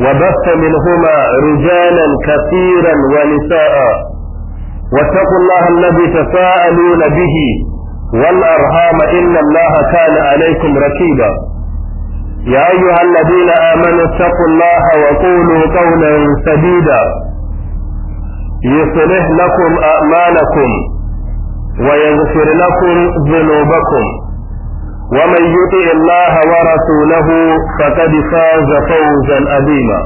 وبث منهما رجالا كثيرا ونساء واتقوا الله الذي تساءلون به والأرهام إن الله كان عليكم ركيبا يا أيها الذين آمنوا اتقوا الله وقولوا قولا سديدا يصلح لكم أعمالكم ويغفر لكم ذنوبكم ومن يطع الله ورسوله فقد فاز فوزا عظيما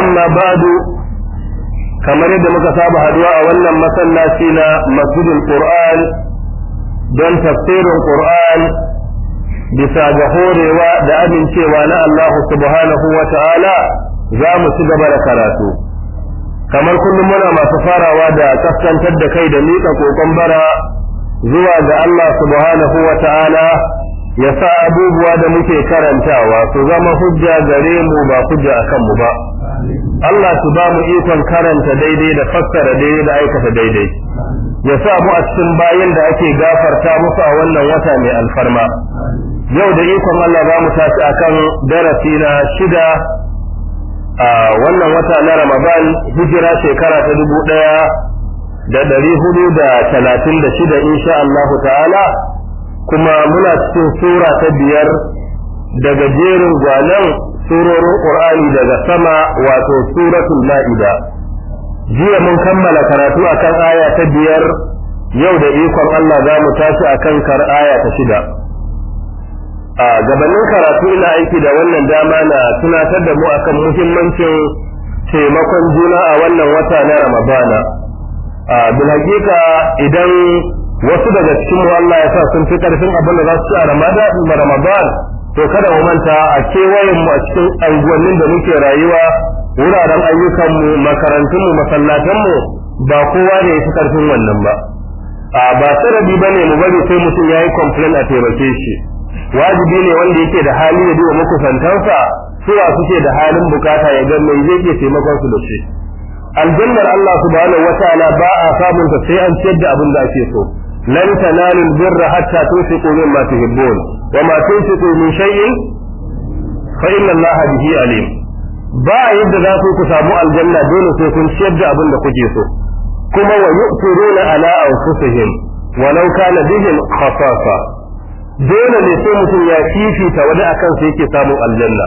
أما بعد kamar yadda muka saba haduwa a wannan masallaci na masjidul qur'an don tafsirin qur'an bisa ga horewa da amincewa na Allahu subhanahu wa ta'ala za mu ci gaba da karatu kamar kullum muna masu farawa da kaskantar da kai da miƙa kokon zuwa ga Allah subhanahu wa ta'ala ya sa abubuwa da muke karantawa su zama hujja gare mu ba hujja a kanmu ba Allah su ba mu ikon karanta daidai da fassara daidai da aikata daidai ya sa mu a cikin bayan da ake gafarta musu a wannan wata mai alfarma yau da ikon Allah za mu tashi akan darasi na shida a wannan wata na Ramadan hijira shekara ta dubu ɗaya da ɗari hudu da talatin da shida insha Allahu ta'ala kuma muna cikin sura ta biyar daga jerin gwanon surorin ƙur'ani daga sama wato suratul la'ida jiya mun kammala karatu akan aya ta biyar yau da ikon Allah za mu tashi akan kar aya ta shida a gabanin karatu ina aiki da wannan dama na tunatar da mu akan muhimmancin taimakon juna a wannan wata na ramadana Bin hakika idan wasu daga cikin Allah ya sa sun fi karfin abin da za su ci a Ramadan to kada mu manta a kewayen mu a cikin anguwannin da muke rayuwa wuraren ayyukanmu makarantunmu masallatanmu ba kowa ne fi karfin wannan ba a ba sarabi ba ne mu bari sai mutum ya yi complain a taimake shi wajibi ne wanda yake da hali ya duba makusantansa suwa suke da halin bukata ya ga mai zai iya taimakon su da shi aljannar Allah subhanahu wataala ba a samun ta sai an ciyar da abin da ake so lan tanalul birra hatta tunfiqu mimma tuhibbun wa ma tunfiqu min shay'in fa inna Allah bihi alim ba yadda za ku samu aljanna dole sai kun ciyar da abin da kuke so kuma wa yu'tiruna ala anfusihim walau kana bihim khasasa dole ne sai mutum ya fifita wani akan sai yake samun aljanna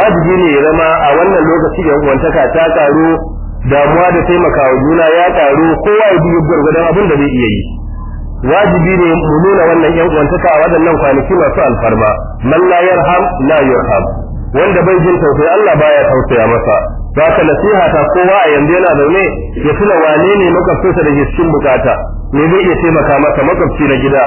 wajibi ne ya zama a wannan lokaci da wantaka ta karu damuwa da taimakawa juna ya taru kowa ya biyu gwargwadon abin da zai iya yi wajibi ne mu nuna wannan yan uwantaka a waɗannan kwanaki masu alfarma man la yarham la yurham wanda bai jin tausayi Allah baya tausaya masa ka nasiha ta kowa a yanzu yana zaune ya tuna wane ne makwabcinsa da cikin bukata me zai iya taimaka masa makwabci na gida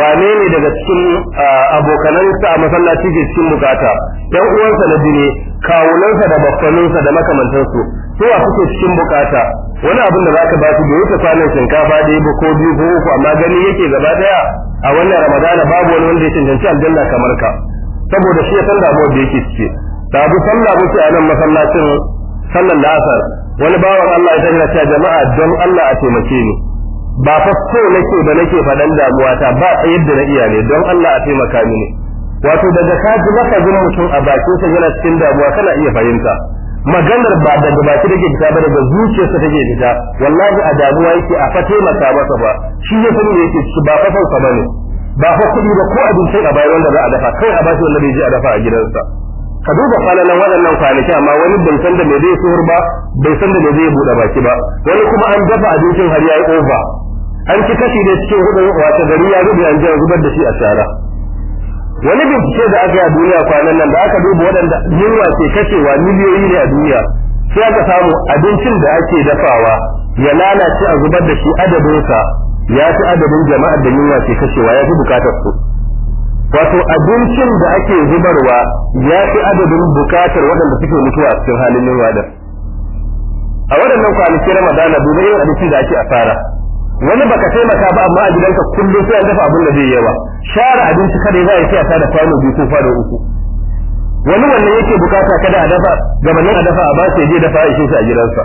wane ne daga cikin ah, abokanansa a masallaci ke cikin bukata yan uwansa na jini kawunansa da baffaninsa da makamantansu su a suke cikin bukata wani abin da zaka ba su bai wuce kwanan shinkafa ɗaya yabo ko biyu ko uku amma gani yake gaba daya a wannan ramadana babu wani wanda ya cancanci aljanna kamar ka saboda shi ya san damuwar da yake ciki da abu sallah muke a nan masallacin sallan asar. wani bawan Allah ya tafi cewa jama'a don Allah a taimake ni ba fa so nake da nake faɗan damuwata ba yadda na iya ne don Allah a taimaka mini wato daga kaji ji gina mutum a bakin sa yana cikin damuwa kana iya fahimta maganar ba daga baki da ke fita ba daga zuciyarsa take fita wallahi a damuwa yake a fate masa masa ba shi ya sani yake ciki ba fasan sa bane ba fa kudi ba ko sai a bayar wanda za a dafa kai a bashi wanda bai je a dafa a gidansa ka duba falalan waɗannan kwanaki amma wani bai san da me zai suhur ba bai san da me zai buɗe baki ba wani kuma an dafa abincin har ya yi over an ci kashi da cikin hudu wata gari ya rubi an je zubar da shi a shara wani bincike da aka yi a duniya kwanan nan da aka duba waɗanda yunwa ke kashewa miliyoyi ne a duniya sai aka samu abincin da ake dafawa ya lalace a zubar da shi adadinsa ya fi adadin jama'ar da yunwa ke kashewa ya fi bukatar su wato abincin da ake zubarwa ya fi adadin bukatar waɗanda suke mutuwa a cikin halin yunwa da a waɗannan kwanaki ramadana dubai yin abinci da ake asara wani baka taimaka ba amma a gidanka kullum sai an dafa abin da zai yawa share abinci kada za a sai a tada kwano biyu ko kwano uku wani wannan yake bukata kada a dafa gabanin a dafa a ba sai je dafa a shi a gidansa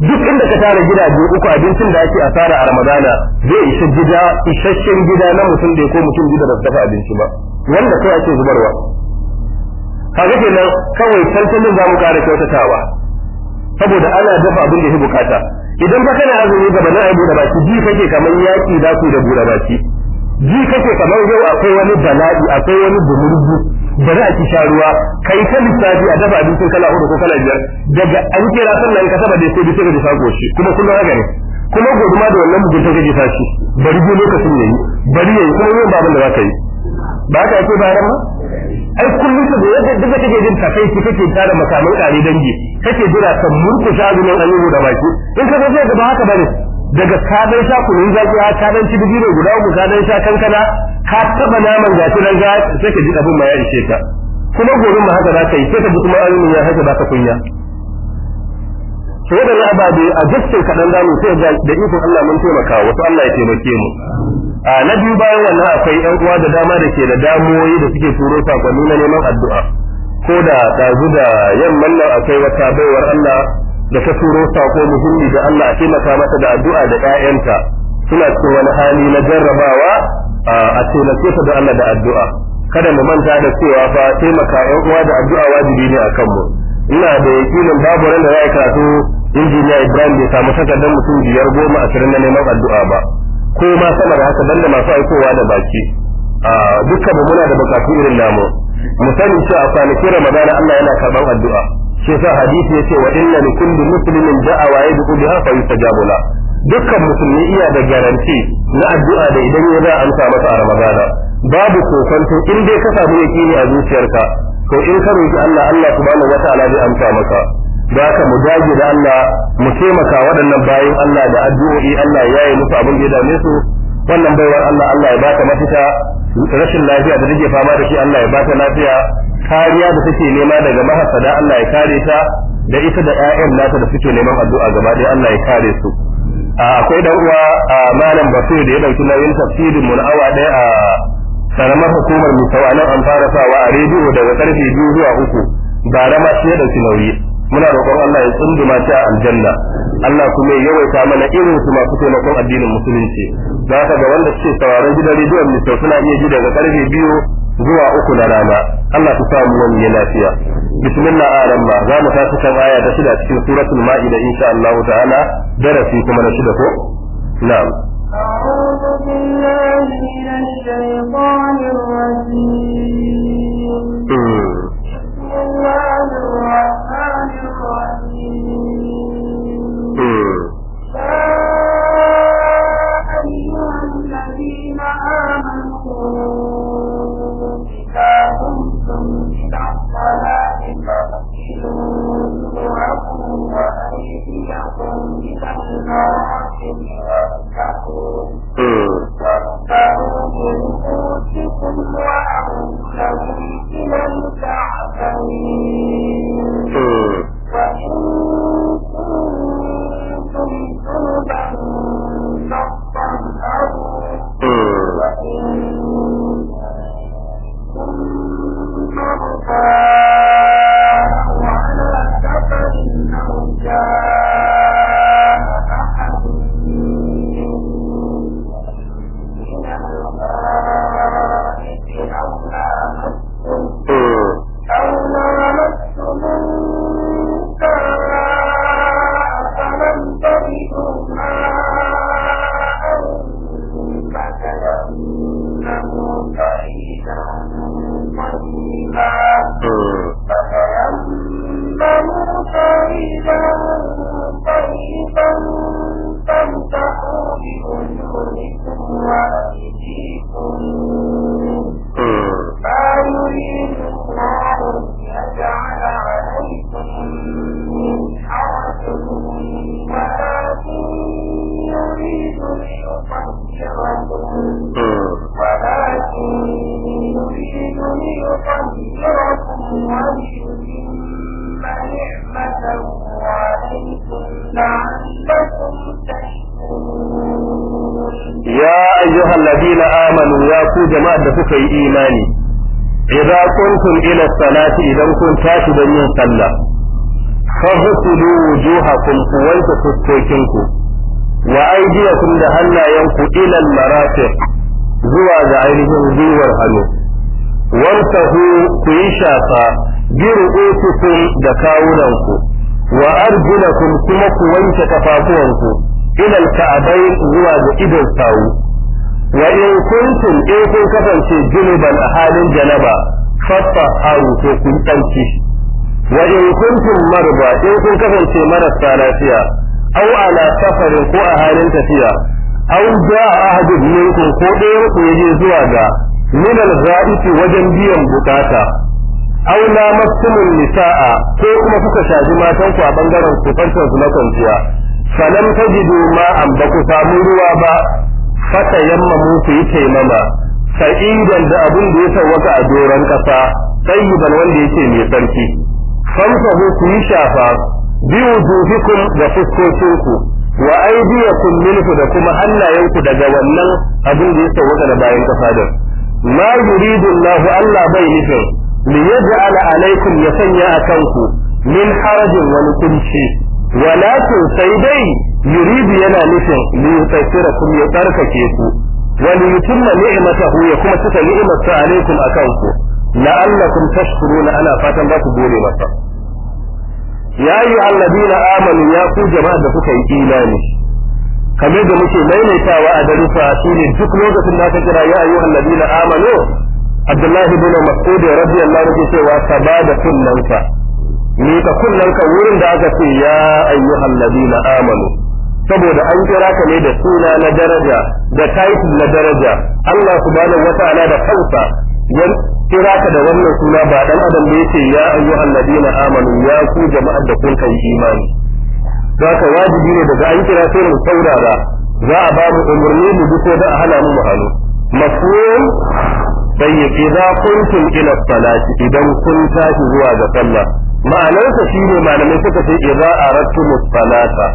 duk inda ka tara biyu uku abincin da ake asara a ramadana zai isa gida isasshen gida na mutum da ko mutum gida da dafa abinci ba wanda kai ake zubarwa kaga kenan kawai tantanin za mu kara kyautatawa saboda ana dafa abin da ya bukata idan ba kana azumi ga bana abu da baki ji kake kamar yaki da ku da gura baki ji kake kamar yau akwai wani bala'i akwai wani da bari a ki sharuwa ruwa kai ta lissafi a dafa abincin kala hudu ko kala biyar daga an kira sallah ka saba da sai bi sai da shago kuma kullum haka ne kuma gobe da wannan mutum ta gaji tashi bari biyu lokacin yayi bari yayi kuma yau ba da za ka yi ba ka ce ba ran ai kullum su zai yadda duka take jin kafai ki kake tara makaman kare dangi kake jira ka murkusha azumin ayyuhu da baki in ka zai ga ba haka bane daga ka sha kunun zaki ha ka dan ci ne guda uku ka dan sha kankana ka taba naman ga nan ga take ji abun ma ya ishe ka kuma gurin ma haka za ka yi sai ka ji kuma azumin ya haka za ka kunya Sai da ababe a gaskiyar kaɗan zamu sai da ikon Allah mun taimaka wasu Allah ya taimake mu a na biyu bayan wannan akwai yan uwa da dama da ke da damuwoyi da suke turo sakonni na neman addu'a ko da ɗazu da yamman nan akwai wata baiwar Allah da ta turo sako muhimmi da Allah a taimaka mata da addu'a da ƴaƴanta suna cikin wani hali na jarrabawa a taimake ta da Allah da addu'a kada mu manta da cewa fa taimaka yan uwa da addu'a wajibi ne a kanmu. ina da yakinin babu ran da za karatu injiniya Ibrahim bai samu takardar mutum biyar goma ashirin na neman addu'a ba ko ma sama da haka banda masu aikowa da baki a dukkan mu muna da bukatu irin namu mu sani cewa kwanaki ramadana Allah yana karban addu'a shi yasa hadisi yace wa inna li kulli muslimin da'awa yad'u biha fa yustajabu la dukkan musulmi iya da garanti na addu'a da idan ya za amsa masa a ramadana babu kokonto in dai ka samu yaqini a zuciyarka to in ka roki Allah Allah subhanahu wataala zai amsa maka da aka mu dage da Allah mu taimaka waɗannan bayan Allah da addu'o'i Allah ya yi musu abin da ya dame su wannan baiwar Allah Allah ya ba ta mafita rashin lafiya da take fama da shi Allah ya ba ta lafiya kariya da take nema daga mahasada Allah ya kare ta da ita da ƴaƴan nata da suke neman addu'a gaba ɗaya Allah ya kare su akwai dan uwa a malam Basir da ya dauki nauyin tafsirin mu na awa ɗaya a karamar hukumar musawa nan an fara sawa a rediyo daga karfe biyu zuwa uku ba rama shi ya dauki nauyi muna roƙon Allah ya tsunduma a aljanna Allah kuma ya yawaita mana irin su masu taimakon addinin musulunci za ka ga wanda suke sauraron gidan rediyon mista suna iya ji daga karfe biyu zuwa uku na rana Allah su samu wani ya lafiya bismillah aran ma za mu tafi kan aya ta shida cikin suratul ma'ida insha Allah ta'ala darasi kuma na shida ko na'am أعوذ بالله من الشيطان الرجيم ku jama'ar da kuka yi imani idza kuntum ila salati idan kun tashi don yin sallah fahsulu wujuhakum wanke fuskokinku wa aydiyakum da hannayen ila al-marafiq zuwa ga ainihin gwiwar hannu wamsahu ku yi shafa bi ru'usikum da kawunanku wa arjulakum kuma ku wanke kafafuwanku ila al-ka'bayn zuwa ga idon sawu wa in kuntum in kun kasance junuban a halin janaba fattaharu ko kun dauki wa in kuntum marba in kun kasance marasa lafiya aw ala safarin ko a halin tafiya aw da ahadun minkum ko ɗayan ku yaje zuwa ga min al-ghaibi wajen biyan bukata aw lamastumun nisaa ko kuma kuka shaji matan ku a bangaren kusantar su na kwanciya falam tajidu ma an ba ku samu ruwa ba fata yammamu ku yi taimama sa'idan da abin da ya sauwaka a doron kasa tayyiban wanda yake mai sarki famsahu ku yi shafa bi wujuhikum da fuskokinku wa aydiyakum minhu da kuma hannayenku daga wannan abin da ya sauwaka da bayan kasa din ma yuridu Allah Allah bai nufin li yaj'ala alaikum ya sanya akan ku min harajin wani kunci walakin sai dai yuridu yana nufin li yutaffira kum ya tsarkake ku wani li yutimma ni'matahu ya kuma cika ni'matsa alaikum akan ku la'allakum tashkuruna ana fatan za ku gode masa ya ayyuhal ladina amanu ya ku jama'a da kuka yi imani kamar da muke maimaitawa a darussa shine duk lokacin da aka kira ya ayyuhal ladina amanu Abdullahi bin Mas'ud radiyallahu anhu cewa sabada kullanka ni ka kunnanka wurin da aka ce ya ayyuhal ladina amanu saboda an kira ka ne da suna na daraja da title na daraja Allah subhanahu wata'ala da kansa ya kira ka da wannan suna ba dan adam da yake ya ayyuhan ladina amanu ya ku jama'ar da kun kai imani zaka wajibi ne daga an kira sai mu saurara za a ba mu umurni mu bi ko da a hana mu mahalo mafhum sai za kuntum ila salati idan kun tashi zuwa ga sallah ma'anarsa shine malamai suka ce idza aradtum salata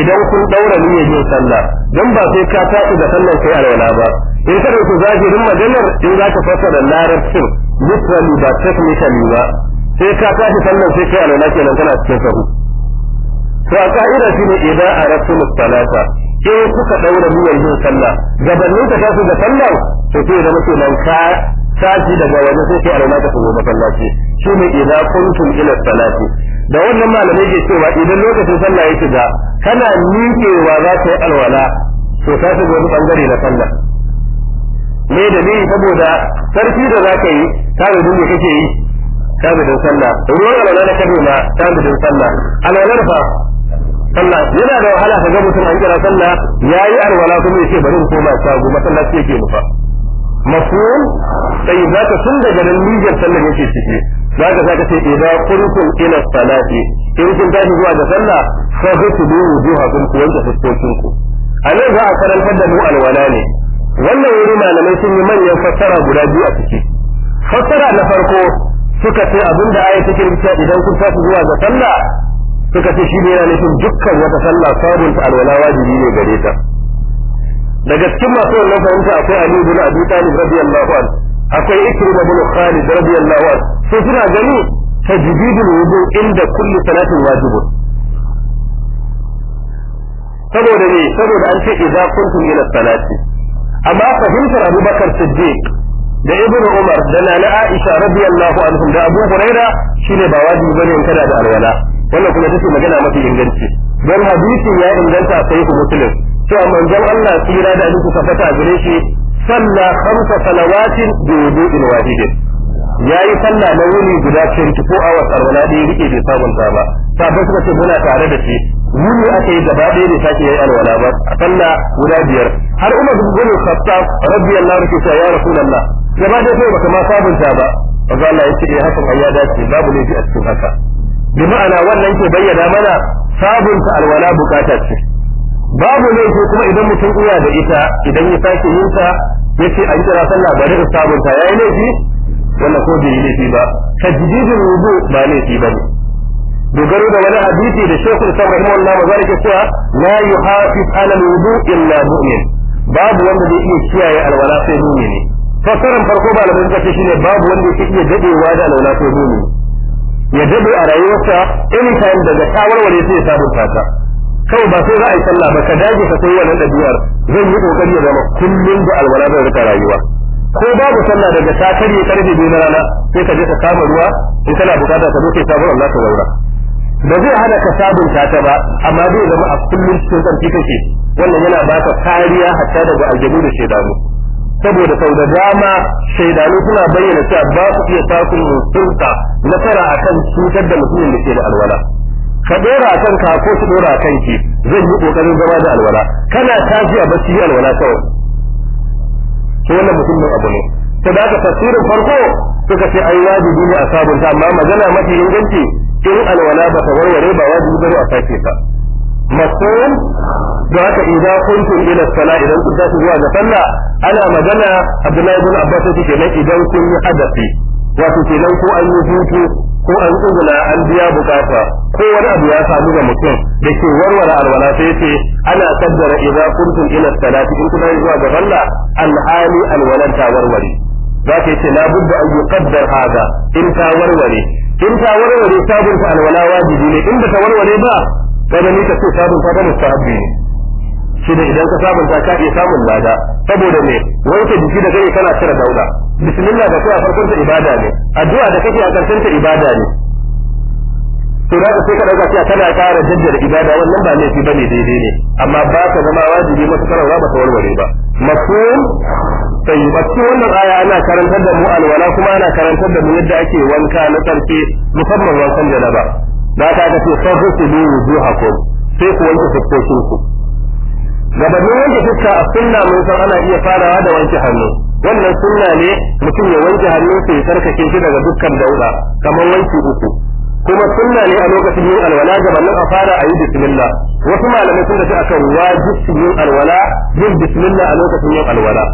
idan kun daura niyyar yin sallah dan ba sai ka tafi da sallar kai alwala ba in ka dauki zahirin majalar in za ka fassara larabcin literally ba technically ba sai ka tafi sallar sai kai alwala kenan kana cikin sahu to a ka'ida shine idan arabtum salata in kuka daura niyyar yin sallah gabanin ka tafi da sallar to sai da muke nan ka tashi daga wani sai kai alwala ka shigo masallaci shine idan kuntum ila salati da wannan malamai ke cewa idan lokacin sallah ya shiga kana wa za ka yi alwala to ka shiga wani bangare na sallah me da ni saboda sarki da za ka yi ka ga dole kake yi ka ga don sallah ruwan alwala na kabe ma ka ga don sallah alwalar fa sallah yana da wahala ka ga mutum an kira sallah yayi alwala kuma yace bari in koma shago masallaci yake fa. mafhum sai zaka tun daga nan niyyar sallar yake ciki zaka zata ce idan kuntum ila salati in kun tashi zuwa da sallah fa hutubu wujuhakum ku wanke fuskokin ku a nan za a karantar da mu alwala ne wannan wuri malamai sun yi manyan fassara guda biyu a ciki fassara na farko suka ce abin da aya take rubuta idan kun tashi zuwa ga sallah suka ce shi ne yana nufin dukkan wata sallah sabunta alwala wajibi ne gare ta daga cikin masu wannan fahimta akwai Ali ibn Abi Talib radiyallahu an akwai Ikrimah ibn Khalid radiyallahu an sai suna gani tajdidul wudu inda kulli salatin wajib saboda ne saboda an ce idza kuntum ila salati amma fahimtar Abu Bakar Siddiq da Ibn Umar da Nana Aisha radiyallahu anhum da Abu Huraira shine ba wajibi bane in kada da alwala wannan kuma take magana mafi inganci don hadisi ya inganta sai ku muslim cewa manzon Allah tsira da duk ta gare shi salla khamsa salawatin bi wudu'in wahidin yayi sallah na wuni guda 24 hours rana da rike bai sabunta ba sabon suka ce muna tare da shi wuni aka yi gaba ɗaya ne sake yayi alwala ba a salla guda biyar har Umar bin Khattab radiyallahu anhu ya rasulullah gaba ɗaya sai baka ma sabunta ba manzo Allah ya ce eh, hakan ayya dace babu ne a cikin haka bi ma'ana wannan ke bayyana mana sabunta alwala bukata ce babu laifi kuma idan mutum iya da ita idan ya sake yin ta yace an kira sallah ba in sabunta yi laifi wannan ko bai laifi ba tajdidul rubu ba laifi ba ne dogaro da wani hadisi da shekul sa rahimahullah mazalika cewa la yuhafiz ala wudu illa mu'min babu wanda zai iya kiyaye alwala sai mu'mini fasaran farko ba alamin kace shine babu wanda yake iya dadewa da alwala sai mu'mini ya dade a rayuwarsa anytime daga tawarware sai ya sabunta ta kawai ba sai za a yi sallah ba ka dage ka sai wannan ɗabi'ar zan yi kokari ya zama kullum da alwala da rika rayuwa ko babu sallah daga ta karye karfe biyu na rana sai ka je ka kama ruwa in kana bukata ka zo kai sabon Allah ka zaura ba zai hana ka sabunta ta ba amma zai zama a kullum cikin tsarki kake wannan yana ka kariya hatta daga aljabu da shaidanu saboda sau da dama shaidanu suna bayyana cewa ba su iya samun sulta nasara akan cutar da mutumin da ke da alwala ka dora kan ka ko su dora kan ki zan yi kokarin zama da alwala kana tafiya bacci yi alwala kawai to wannan mutumin abu ne to da aka tafsirin farko suka ce ai wajibi ne a sabunta amma magana mafi inganci in alwala ba ta warware ba wajibi bane a sake ta mafhum da haka idan kuntum ila sala idan kun tashi zuwa ga sallah ana magana Abdullahi ibn Abbas yake idan sun yi hadafi wato kenan ko an yi hutu ko an tsugula an biya bukata ko wani abu ya samu ga mutum da ke warware alwala sai ce ana kaddara idza kuntum ila salati in kuna zuwa ga alhali alwalan ta warware za ka ce labudda an yuqaddar hada in ta warware in ta warware sabunta alwala wajibi ne in ba ta warware ba kada ni ta ce sabunta ta mustahabbi ne shi da idan ka samun ta iya samun lada saboda me wanke jiki da kai kana cire dauda bismillah da kuwa a farkon ta ibada ne addu'a da kake a karshen ta ibada ne to da sai ka dauka cewa kana ƙara jaddada ibada wannan ba laifi bane daidai ne amma ba ka zama wajibi matukar ba ka warware ba mafhum wannan aya ana karantar da mu alwala kuma ana karantar da mu yadda ake wanka na karfe musamman wankan janaba da ka ga ce fa husulu wujuhakum sai ku wanke fuskokin ku gabanin wanke fuska a sunna mun san ana iya farawa da wanke hannu wannan sunna ne mutum ya wanke hannu sai sarkake shi daga dukkan da'ura kamar wanki uku kuma sunna ne a lokacin yin alwala gabanin a fara a yi bismillah wasu malamai sun ce akan wajibi yin alwala yin bismillah a lokacin yin alwala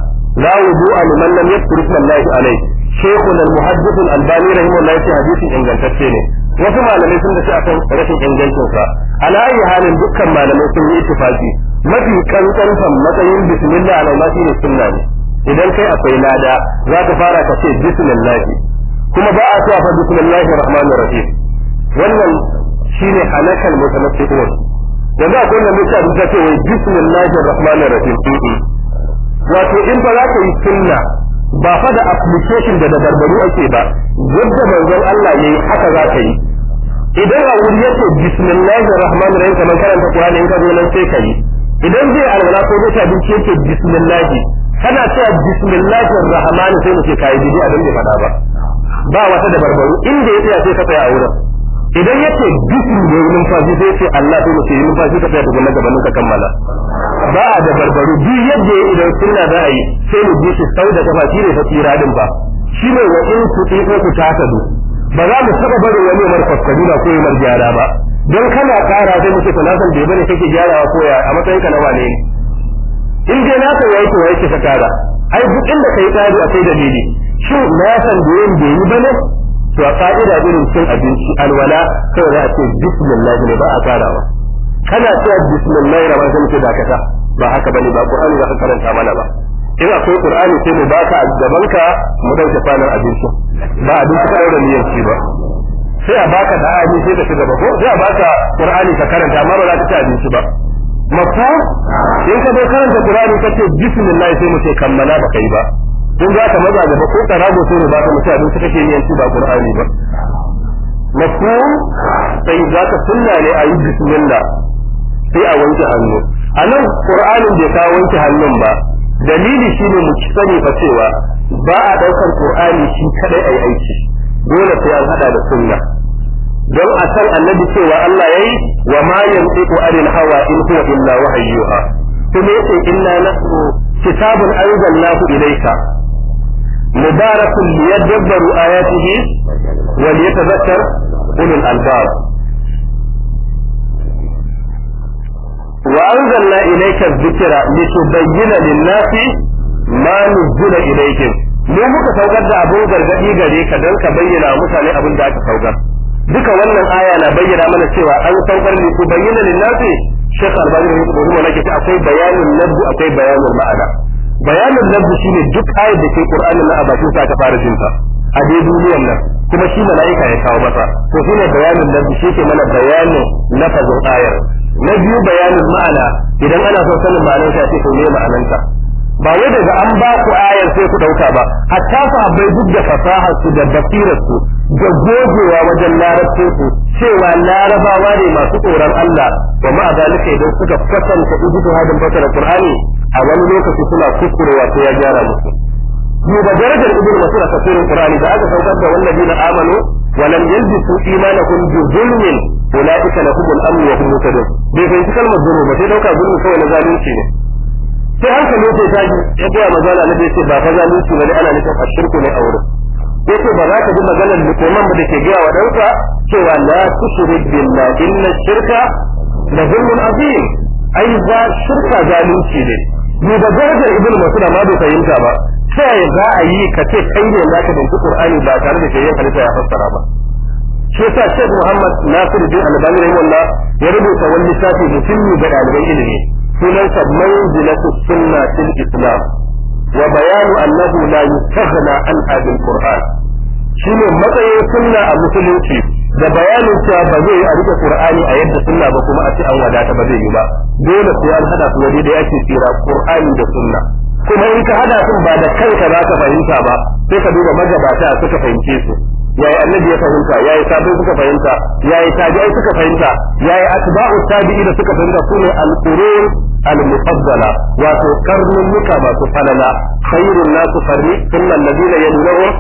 la a liman lam yadhkur isma Allah alayhi shaykhun al-muhaddith al-albani rahimahullah ya hadisi ingantacce ne wasu malamai sun ce akan rashin ingancin sa ala ayi halin dukkan malamai sun yi tufafi. mafi kankantan matsayin bismillah alaula shi ne sunna ne idan kai akwai lada za ka fara ka ce bismillah kuma ba a cewa fa bismillah rahmanir rahim wannan shi shine halakal mutamassiqun yanzu akwai wanda mutum da ta ce wai bismillah rahmanir rahim wato in ba za ka yi sunna ba fa da application da dabarbaru ake ba yadda manzon Allah yayi haka za ka yi idan a wuri yake bismillahir rahmanir rahim kamar karanta Qur'ani in ka zo nan sai ka yi idan zai alwala ko zai ta bince yake bismillah kana cewa bismillah rahman sai mu ce kai bidu a dan fada ba ba wata da barbaru inda ya tsaya sai ka tsaya a wurin idan yace bismi ne numfashi sai ce Allah sai mu ce numfashi ka tsaya daga gaban ka kammala ba da barbaru bi yadda idan sunna za a yi sai mu bi shi sau da kafa shi tsira din ba shi ne wa in ku ku ta ba za mu taba bari wani marfaskari da ba ko mar gyara ba don kana kara zai muke to na san bai bane kake gyarawa ko ya a matsayin ka na wane in dai na san yayi to yake ka kara ai duk inda kai kari akwai dalili shin na san bai bai yi bane to a fa'ida irin cin abinci alwala kai za a ce bismillah ne ba a karawa kana cewa bismillah ba zan ce dakata ba haka bane ba qur'ani za ka karanta mana ba in akwai qur'ani sai mu baka a gaban ka mu dauke fanar abinci ba abinci kai da niyyar ci ba sai a baka da ayi sai da shiga ko sai a baka qur'ani ka karanta amma ba za ka ci abinci ba mafu in ka zo karanta qur'ani ka ce bismillah sai mu ce kammala ba kai ba in za ka maza gaba ko ka karago sai ne ba ka mutu abinci kake yin yanzu ba qur'ani ba mafu sai za ka sunna ne ayi bismillah sai a wanke hannu a nan qur'anin bai kawo wanke hannun ba dalili shine mu sani fa cewa ba a daukar qur'ani shi kadai ai aiki dole sai an hada da sunna don a san annabi cewa Allah yayi wa ma yantiqu anil hawa in huwa illa wahyuha kuma yake inna nahnu kitabun anzalnahu ilayka mubarakun liyadabbaru ayatihi wa liyatadhakkar ulul albab وأنزلنا إليك الذكر لتبين للناس ما نزل إليهم mu muka saukar da abin gargadi gare ka don ka bayyana mutane abin da aka saukar duka wannan aya na bayyana mana cewa an saukar ne ku bayyana lillahi shekh albani ne ko kuma nake akwai bayanin nabdu akwai bayanin ma'ana bayanin nabdu shine duk ayar da ke qur'anin na abakin sa ka fara jinta a dai duniyar nan kuma shi mala'ika ya kawo masa to shine bayanin nabdu shi ke mana bayanin lafazin ayar na biyu bayanin ma'ana idan ana son sanin ma'anar sa ce ko ne ma'ananta ba wai daga an ba ku ayar sai ku dauka ba hatta sahabbai duk da fasahar su da basirar su da gogewa wajen larabci su cewa larabawa ne masu tsoron Allah wa ma zalika idan suka kasanta da hadin fasara qur'ani a wani lokaci suna kukurewa sai ya gyara musu ni da darajar ibnu mas'ud a tafsirin qur'ani da aka saukar da na amanu wa lam yalbisu imanakum bi zulmin ulaika lahumul amn wa hum muhtadun bai fahimci kalmar zulmi ba sai dauka zulmi kawai na zalunci ne sai hankali sai tashi ya gaya magana na ce ba fa zalunci bane ana nufin ashirku ne a wurin Sai ce ba za ka ji maganar musulman ba da ke gaya wa ɗansa cewa la tushrik billah inna shirka la zulmun azim ai za shirka zalunci ne ni da darajar ibnu mas'ud ma bai fahimta ba sai za a yi ka ce kai ne za ka dinki qur'ani ba tare da shayyan halitta ya fassara ba shi yasa Sheikh Muhammad Nasir bin Albani rahimahullah ya rubuta wani mutum ne ga ɗaliban ilimi sunansa manzilatu sunna في islam wa bayanu لا la yustaghna an hadil qur'an shine matsayin sunna a musulunci da bayanin cewa ba zai yi a rike qur'ani a yadda sunna ba kuma a ce an wadata ba zai yi ba dole sai an hada su waje da yake tsira qur'ani da sunna kuma in ka hada sun ba da kanka za ka fahimta ba sai ka duba magabata suka fahimce su yayi annabi ya fahimta yayi sahabbai suka fahimta yayi tabi'ai suka fahimta yayi atba'u tabi'i da suka fahimta sune al-qurun al-mufaddala wato karnuka masu falala khairun nasu qarni thumma alladhina yadunahum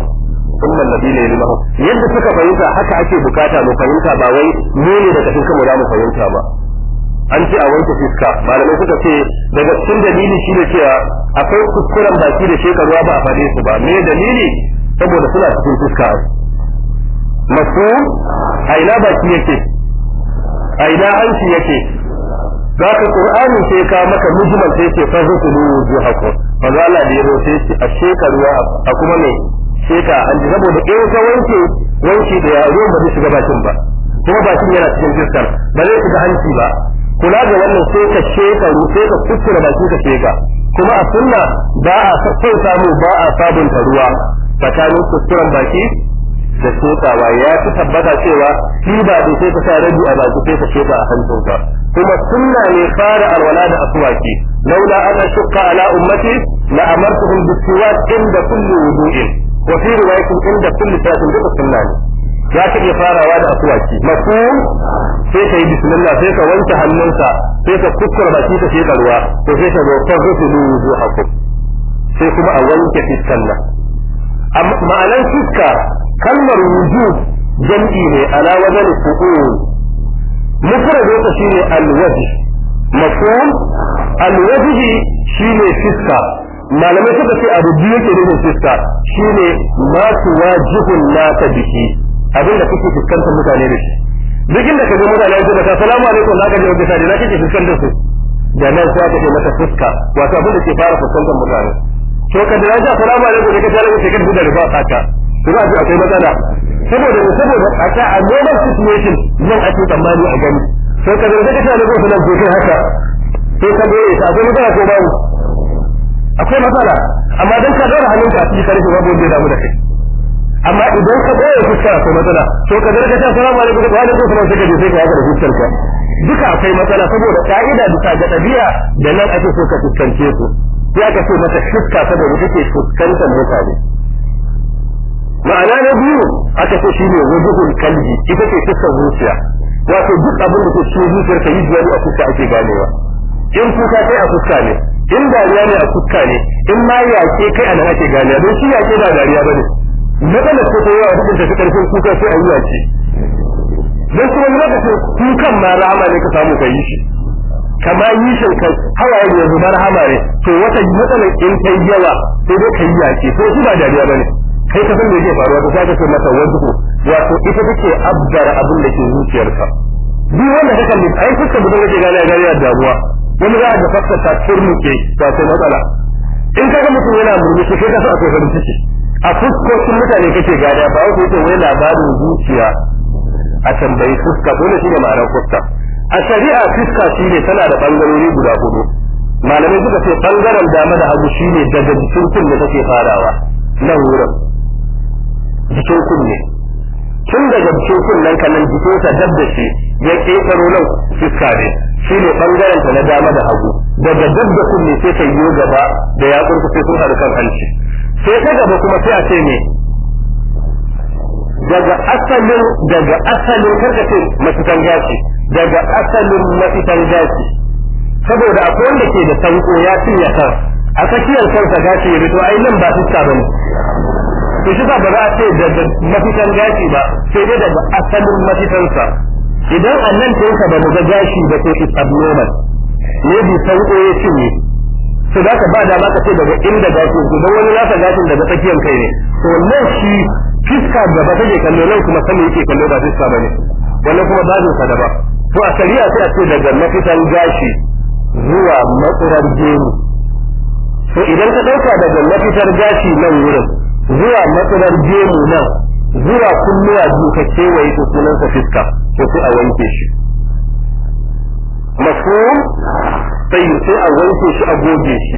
thumma alladhina yadunahum yadda suka fahimta haka ake bukata mu fahimta ba wai mu ne daga cikin mu za mu fahimta ba an ce a wanke fuska malamai suka ce daga cikin dalili shi ne cewa akwai kuskuren baki da shekaruwa ba a faɗe su ba me dalili saboda suna cikin fuska mafhum a ina baki yake a ina aiki yake ka qur'ani sai ka maka mujimar sai ce fa zukulu ba za a da yaro sai ce a shekaruwa a kuma ne sheka an ji saboda ɗaya ta wanke wanke da yaro ba zai shiga bakin ba kuma bakin yana cikin fiskar ba zai shiga hanci ba kula da wannan sai ka shekaru sai ka kuskura bakin ka sheka kuma a sunna ba a sai samu ba a sabunta ruwa tsakanin kuskuren baki da sotawa ya fi tabbata cewa shi ba da sai ka sa rabi a baki sai ka sheka a hancinka kuma sunna ne fara alwala da aswaki laula an ashqa ala ummati la amartuhum bis-siwak inda kulli wudu'in wa fi riwayatin inda kulli salatin duka sunna ne za ka iya farawa da aswaki mafhum sai ka yi bismillah sai ka wanke hannunka sai ka kukkura baki ka sheka ruwa to sai ka zo fa rusulu wudu'akum sai kuma a wanke fiskan nan ma'anar fuska kalmar wujud jam'i ne ala wajen fu'ul mufradin ta shine alwajh mafhum shi ne fiska malamai suka ce abu biyu ke nufin fiska shine ma tuwajihun naka biki abin da kuke fuskantar mutane da shi duk inda ka ga mutane su da salamu alaikum zaka ji wanda sai ke fuskantar su da nan sai ka ce mata fuska wato abin da ke fara fuskantar mutane to ka da ya salamu alaikum da ka tare ka kai da ba ka kuma a ce akwai matsala saboda saboda a ta a normal situation nan ake tsammani a gani sai ka zai kace da gobe nan ko kai haka sai ka bai ta akwai matsala ko babu akwai matsala amma dan ka dora hannunka a cikin karfi babu wanda ya damu da kai amma idan ka bai fuska akwai matsala to ka zai kace assalamu alaikum wa alaikum assalam sai ka je sai ka haka da fuskar ka duka akwai matsala saboda ka'ida bisa ga ɗabi'a da nan ake so ka fuskance su sai aka ce mata fuska saboda take fuskantar mutane ma'ana na biyu aka ce ne wajibul kalbi ita ce kisan zuciya wato duk abin da ke cikin zuciyar ka yi a fuska ake ganewa in kuka kai a fuska ne in dariya ne a fuska ne in ma yaƙe kai a nan ake ganewa don shi yaƙe ba dariya ba ne matsalar ko ta yawa hukun tafi ƙarfin kuka sai a yi yaƙe don kuma lokacin kukan ma rahama ne ka samu ka yi shi kama yi shi kai hawaye ne yanzu rahama ne to wata matsalar in kai yawa sai dai ka yi yaƙe ko shi ba dariya ba ne kai ka san me yake faruwa to sai ka ce masa wajhu wato ita take abdara abin da ke zuciyarka duk wanda ka kalli ai fuskar mutum yake gane a gane a damuwa wani za a ga fuskar ta turmuke ta ce matsala in ka ga mutum yana murmushi kai ka san akwai farin ciki a fuskokin mutane kake gada ba wai ko wai labarin zuciya a tambayi fuska dole shine ma'anar fuska a shari'a fuska shine tana da bangarori guda hudu malamai suka ce bangaren dama da hagu shine daga jikin kun da take farawa nan wurin jikin kunne tun daga jikin kunnen ka nan jikinsa dab da shi ya ƙetaro nan fuska ne shi ne ɓangaren ta na dama da hagu daga dab da kunne sai ka yi gaba da ya sai sun haɗu kan hanci sai ta gaba kuma sai a ce ne daga asalin daga asalin karka ce mafitan gashi daga asalin mafitan gashi saboda akwai wanda ke da tanko ya cinye kan a tsakiyar kansa gashi ya fito ai nan ba fuska ne to shi ba za a ce daga mafitan gashi ba sai dai daga asalin mafitansa idan annan tinka ba mu ga gashi ba to it's abnormal ne bi sauko ya cinye to za ka ba da ba ka ce daga inda gashin ku don wani lafa gashin daga tsakiyar kai ne to wannan shi fiska ba take kallo nan kuma sai yake kallo ba fiska bane wannan kuma ba zai sa ba to a shari'a sai a ce daga mafitan gashi zuwa matsurar jini to idan ka dauka daga mafitar gashi nan wurin zuwa matsalar gemu nan zuwa kunnuwa biyu ka kewaye ta sunansa fiska ko sai a wanke shi mafhum sai sai a wanke shi a goge shi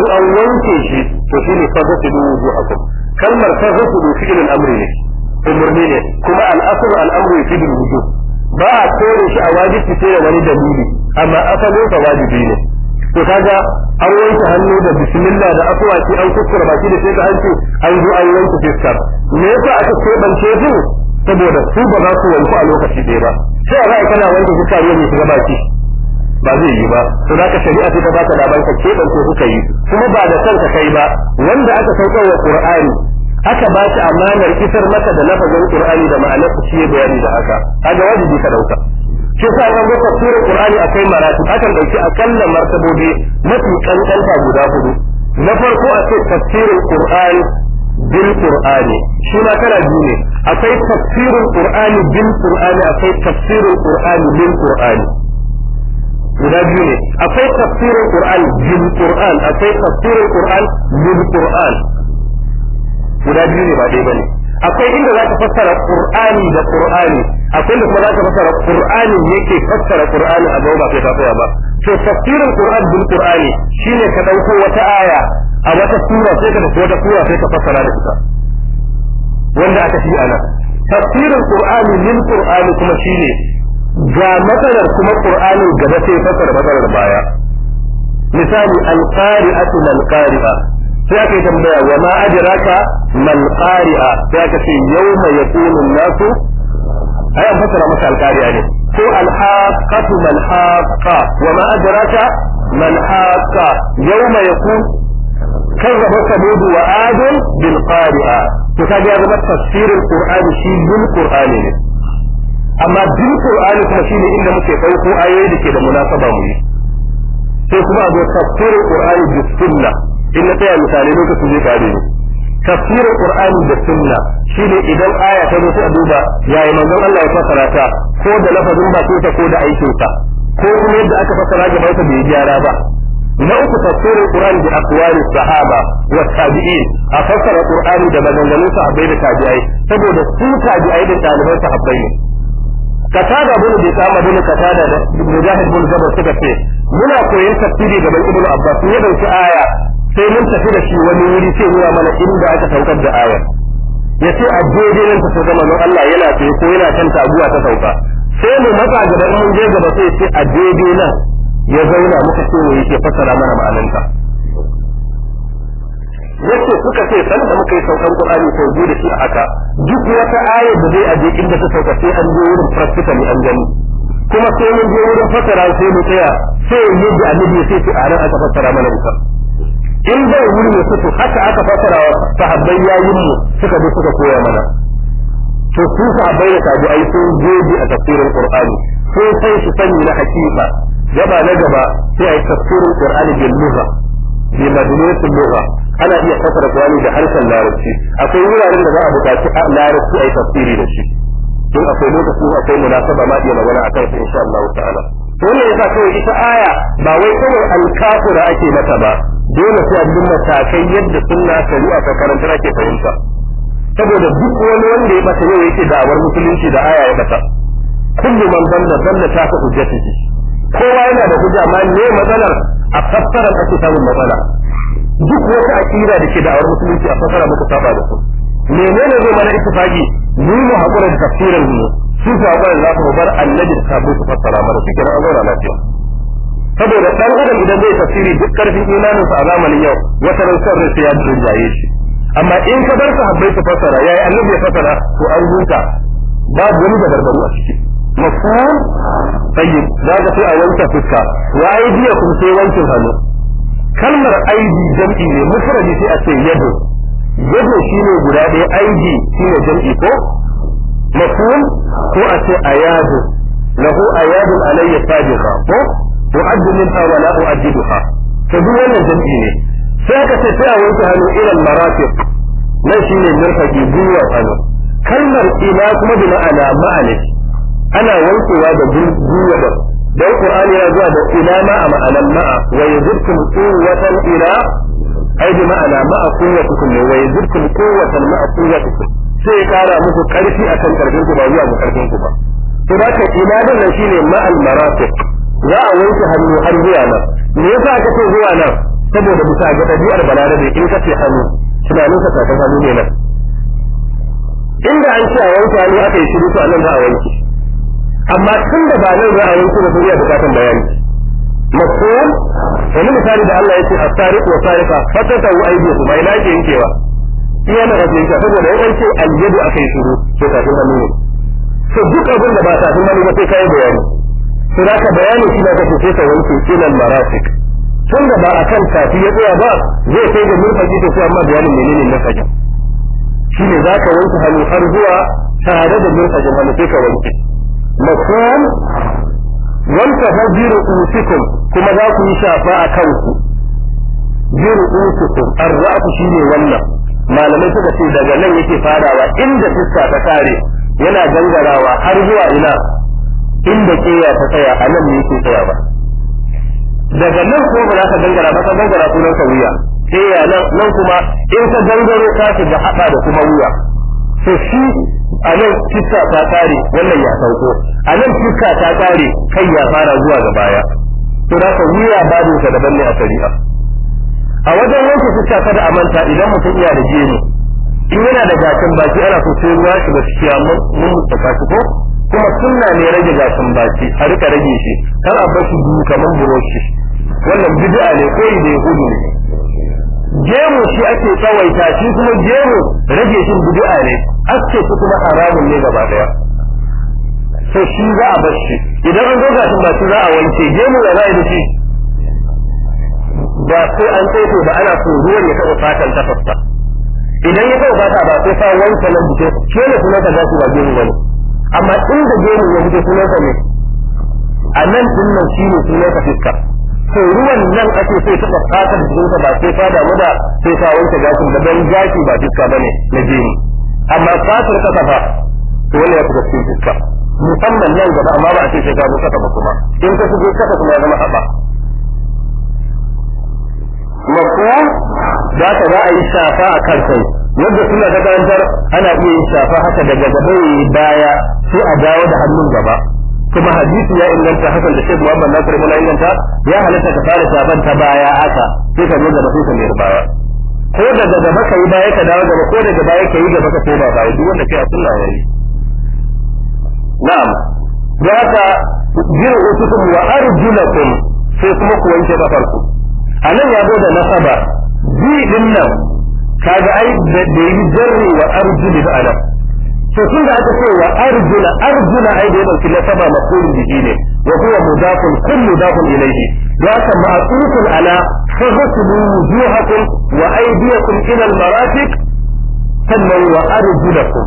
in an wanke shi to shi ne shine fa zafidu aka kalmar fa zafidu fi'il al-amri ne umarni ne kuma al'asar al'amru ya fi bin ba a kore shi a wajibi sai da wani dalili amma asalin sa wajibi ne to kaga an wanke hannu da bismillah da aswaki an kusura baki da sai ga hanci an zo an wanke fiskar me yasa aka ce su saboda su ba za su wanku a lokaci ɗaya ba sai za kana wanke fiskar yau ne shiga baki ba zai yi ba to da ka shari'a ta baka labar ka ban ko kuka yi kuma ba da kanka kai ba wanda aka sauka wa qur'ani aka ba shi amanar isar maka da lafazin qur'ani da ma'anar shi bayani da haka kaga wajibi ka dauka shi yasa an ga tafsirin Qur'ani akwai marati akan dauki akalla martabobi mafi kankanta guda hudu na farko a ce tafsirin Qur'ani bil Qur'ani shi ma kana biyu ne akwai tafsirin Qur'ani bil Qur'ani akwai tafsirin Qur'ani lil Qur'ani guda biyu ne akwai tafsirin qur'ani bil Qur'an akwai tafsirin Qur'an lil Qur'an guda biyu ne ba dai bane akwai inda za ka fassara Qur'ani da Qur'ani akwai da kuma za ka fassara qur'ani yake fassara qur'ani a ba kai ka ba to tafsirin qur'an bil qur'ani shine ka dauko wata aya a wata sura sai ka dauko wata sura sai ka fassara da ita wanda aka fi ana tafsirin qur'ani lil qur'ani kuma shine ga matsalar kuma qur'ani gaba sai fassara matsalar baya misali al-qari'atu mal-qari'a sai aka yi tambaya wa ma adraka mal-qari'a sai aka ce yawma yakunu an-nasu ayan fasara masa alkariya ne ko alhaqatu man haqa wa ma adraka man haqa yawma yakun كذب ثمود وعاد بالقارعة فكان هذا تفسير القرآن شيء بالقرآن أما بالقرآن كما شيء إن مكي فوق آيات كده مناسبة مني sai kuma a zo tafsirin Qur'ani bi sunna in na taya misalai lokacin zai kare ne tafsirin qur'ani da sunna shine idan aya ta zo sai a duba yayi manzon Allah ya fassara ta ko da lafazin ba ta ko da aikin sa ko kuma yadda aka fassara gaban sa bai gyara ba na uku tafsirin qur'ani da aqwali sahaba wa tabi'in a fasara qur'ani da maganganun sahabbai da tabi'ai saboda su tabi'ai da ɗaliban sahabbai ne katada bin bi kama bin katada da mujahid bin jabal suka ce muna koyon tafsiri gaban ibnu abbas ne dauki aya sai mun tafi da shi wani wuri sai nuna mana inda aka saukar da ayar ya ce a jeje nan ta sauka manzon Allah yana ce ko yana kan taguwa ta sauka sai mu matsa gaba mun je gaba sai ce a jeje nan ya zauna muka so ya ke fassara mana ma'ananta yace suka ce san da muka yi saukan Qur'ani sau biyu da shi haka duk wata ayar da zai aje inda ta sauka sai an je wurin practically an gani kuma sai mun je wurin fassara sai mu tsaya sai mu ji annabi sai ce a nan aka fassara mana mutum in bai wuri ya fito haka aka fasara sahabbai yayin mu suka bi suka koya mana to su sahabbai da tabi'ai sun gobe a tafsirin qur'ani sun sai su sani na hakika gaba na gaba sai a yi tafsirin qur'ani bil lugha bi madinatul lugha ana iya fasara qur'ani da harshen larabci akwai wuraren da za a buƙaci larabci a yi tafsiri da shi don akwai lokacin akwai munasaba ma iya magana akan su insha Allah ta'ala dole ya sa kawai ita aya ba wai kawai alkafura ake mata ba dole sai an dinga takai yadda sunna shari'a ta karanta ake fahimta saboda duk wani wanda ya bata yau yake da'awar musulunci da aya ya bata kullu man dalla dalla ta ka hujjatihi kowa yana da hujja amma ne matsalar a fassara ake samun matsala duk wata akida da ke da'awar musulunci a fassara muka saba da su menene zai mana ittifaqi mu mu hakura da tafsirin mu su sahabbai za su bar annabi ta sabu su fassara mana shi kenan an lafiya saboda dan adam idan zai tafsiri duk karfin imanin sa a zamanin yau wata ran sarri sai ya jaye shi amma in ka bar sahabbai su fassara yayi annabi ya fassara to an huta babu wani da barbaru a ciki mafhum tayyib zaka sai a wanke fuska wa aidiya kuma sai wankin hannu kalmar aidi jam'i ne mufradi sai a ce yado yado shine guda ɗaya aidi shine jam'i ko مفهوم هو أتو أياد له أياد علي سابقة تؤد منها ولا أؤددها فهو الجزئيني فهك ستاوي تهلو إلى المراتق من المرحة جيبوا وفنو كلمة إلاك مدن على معنك أنا ويت واد جيبوا دا القرآن يزوى دا إلا ما أما على الماء ويزدكم قوة إلى أي بمعنى مع قوتكم ويزدكم قوة مع قوتكم sai ya kara muku karfi akan karfin ku ba zuwa ga karfin ku ba to da ka imanin nan shine ma'al marafiq za a wanke hannu har zuwa nan me yasa aka ce zuwa nan saboda bisa ga tabi'ar balarabe in ka ce hannu tunanin ka sakan hannu ne nan inda an ce a wanke hannu aka yi shiru to nan za a wanke amma tun da ba nan za a wanke ba sai ya bukatan bayani mafhum wani misali da Allah ya ce as-sariq wa sariqa fatata wa aydihuma ila ke yankewa iya na wasu yanka saboda ya ce aljadu a kai shuru to kafin hannu ne So duk abin da ba kafin hannu ba sai kayi bayani to da ka bayani shi na kasu sai ka wanke kilan marafik. tun da ba a kan kafi ya tsaya ba zai kai da murfaji to sai amma bayanin menene na fajin shi ne za ka wanke hannu har zuwa tare da murfajin hannu sai ka wanke mafhum wanka fa bi ru'usikum kuma za ku yi shafa a kanku bi ru'usikum ar shi ne wannan malamai suka ce daga nan yake farawa inda fuska ta kare yana gangarawa har zuwa ina inda ke ya ta tsaya a nan yake tsaya ba daga nan ko ba za ka gangara ba ka gangara sunan ka wuya Ke ya nan kuma in ka gangaro ka da haɗa da kuma wuya to shi a nan fuska ta kare wannan ya sauko a nan fuska ta kare kai ya fara zuwa ga baya to da ka wuya babinsa daban ne a shari'a a wajen yanke fuska kada a manta idan mutum iya da jini in yana da gashin baki ana so sai ruwa shi ba su ciya mun da shi ko kuma sunna ne rage gashin baki a rika rage shi kar a bar shi biyu kamar buroshi wannan bid'a ne ko da ya gudu gemu shi ake tsawaita shi kuma gemu rage shi bid'a ne ake su kuma haramun ne gaba daya sai shi za a bar shi idan an zo gashin baki za a wanke gemu da za a yi da shi ba ko an tsoto ba ana so ruwan ya taɓa fatan tafasta idan ya taɓa fata ba sai fa wanke nan buke ke ne kuma ka za ba gemu ba ne amma inda gemu ya buke sunan ka ne a nan din nan shi ne sunan ka fiskar to ruwan nan ake sai taɓa fatan jikinsa ba sai fa damu da sai fa wanke gashin da don zaki ba fiska ba ne na gemu amma fatar kasa ba to wani ya fi cikin fiska musamman nan gaba amma ba a ce sai ka zo kasa ba kuma in ka shigo kasa kuma ya zama haɓa mafuwa za ka za a yi shafa a kan kai yadda suna ta karantar ana iya yin shafa haka daga gaba baya sai a dawo da hannun gaba kuma hadisi ya inganta hakan da Sheikh Muhammad Nasir Mula inganta ya halatta ka fara shafan ta baya haka sai ka zo gaba sai ka nemi baya ko daga gaba ka yi baya ka dawo gaba ko daga baya ka yi gaba ka koma baya duk wanda kai a sunna yi na'am ka haka wasu usukum wa arjulakum sai kuma ku wanke kafarku a nan ya zo da nasaba bi din nan kaga ai da yi jarri wa arjuli da anan to tun da aka ce wa arjula arjula ai da ya dauki nasaba maqulun bihi ne wa huwa mudafun kun mudafun ilayhi ya ka ma'qulun ala faghsilu wujuhakum wa aydiyakum ila al-marafiq sannan wa arjulakum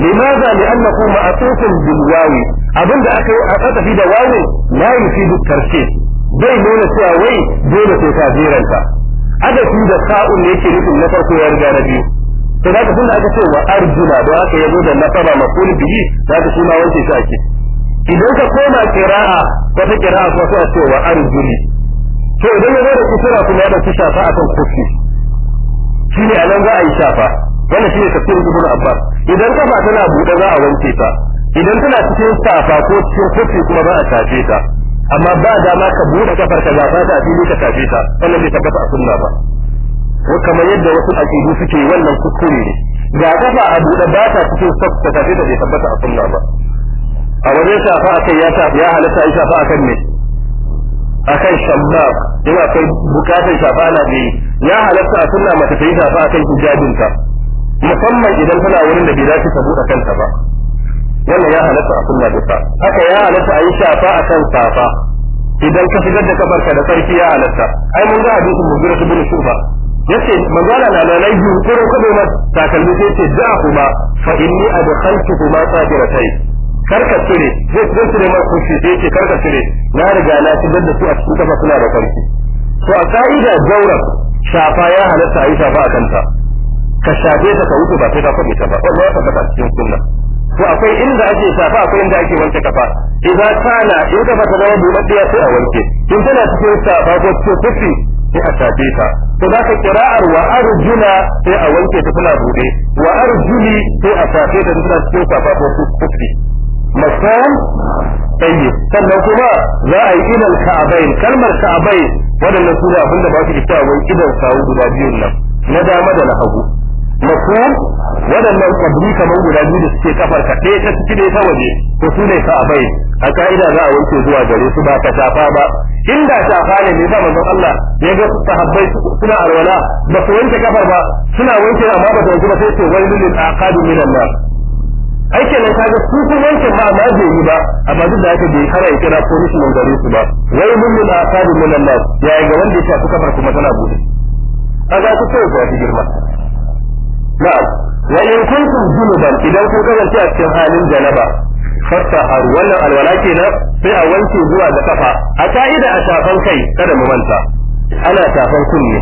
لماذا لأنه معطوف بالواو أبن أكي أقتفي دواو لا يفيد الترتيب zai nuna cewa wai dole sai ka ada shi da sa'un ne yake nufin na farko ya riga na biyu to da ka aka ce wa arjuna da aka yazo da nasaba maqul bihi da ka suna wanke shi ake idan ka koma kira'a ko ta kira'a ko ta ce wa arjuli to idan ya zo da kusura kuma ya dauki shafa akan kufi shine a nan za a yi shafa wannan shine tafsirin ibnu abbas idan fa tana buɗe za a wanke ta idan tana cikin safa ko cikin kufi kuma za a tafe ta amma ba dama ka buɗe kafar ka zafa ta fili ka tafi ta wannan bai tabbata a sunna ba ko kamar yadda wasu aqidu suke wannan kuskure ne ga kafa a buɗe ba ta cikin sab ta tafi ta bai tabbata a sunna ba a wajen shafa akai ya tafi ya halatta ai shafa akan ne akan shamma in akwai bukatar shafa na bi ya halatta a sunna mata ta yi shafa akan hijabinta musamman idan tana wurin da bai dace ta buɗe kanta ba wannan ya halatta a kunna bisa haka ya halatta a yi shafa a kan safa idan ka shigar da ka da sarki ya halatta ai mun ga hadisin mugira su bin shufa yace magana na na lai biyu kurin kudo na takalmi sai ce da kuma fa inni adkhaltu kuma safiratai karka cire zai zai cire ma kushi sai ce karka cire na riga na shigar da su a cikin kafa suna da sarki to a ka'ida zauren shafa ya halatta a yi shafa a kanta ka shafe ta ka wuce ba sai ka faɗi ta ba wannan ya tabbata cikin sunna to akwai inda ake shafa akwai inda ake wanke kafa idan kana in kafa ta zama buɗaɗɗiya sai a wanke in tana cikin safa ko cikin kufi sai a shafe ta to za ka kira'ar wa arjuna sai a wanke ta tana buɗe wa arjuli sai a shafe ta tana cikin safa ko kufi mafhum tayyib sannan kuma za a yi ilal ka'abain kalmar ka'abain wadannan su ne abinda ba su da kyawun idan sawu guda biyun nan na dama da na hagu mako waɗannan kabri kamar guda biyu da suke kafar ka ɗaya ta ciki ta waje to su ne abai a ka'ida za a wanke zuwa gare su ba ka shafa ba inda shafa ne ne ba Allah ya ga sahabbai suna alwala ba su wanke kafar ba suna wanke amma ba ta wanke ba sai ce wani lil aqadu min Allah ai kenan kaga su su wanke ba ma bai yi ba amma duk da haka bai kara ya kira ko mun gare su ba wai mun a aqadu min Allah ya ga wanda ya shafi kafar kuma tana bude kaga su sai ga girma na'am wa in kuntum junuban idan kun kasance a cikin halin janaba fattaharu wannan alwala kenan sai a wanke zuwa da kafa a ka'ida a shafan kai kada mu manta ana shafan kunne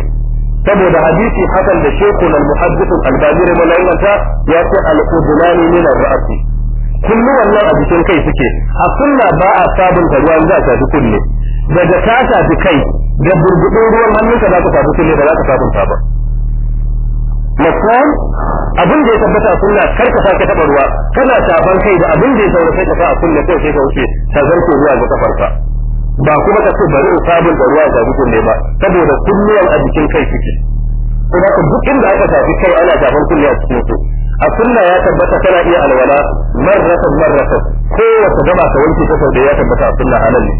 saboda hadisi hakan da shekul al-muhaddith al-albani rahimahullah ya ce al-udnani min ar-ra'si kullu wannan a jikin kai suke a sunna ba a sabunta ruwan za ta kunne daga ta tafi kai da burgudin ruwan hannunka za ka ta kunne da za ka sabunta ba mafhum abin da ya tabbata a sunna kar ka sake taba ruwa kana tafan kai da abin da ya saura kai ka sa a sunna kai sai ka wuce ta zarto zuwa ga kafarka ba kuma ka ce bari in sabon da ruwa ga mutum ne ba saboda kulliyan a jikin kai suke kuma ka duk inda aka tafi kai ana tafan kulliya cikin su a sunna ya tabbata kana iya alwala marratan marratan kowace gaba ka wanke ta sau da ya tabbata a sunna halal ne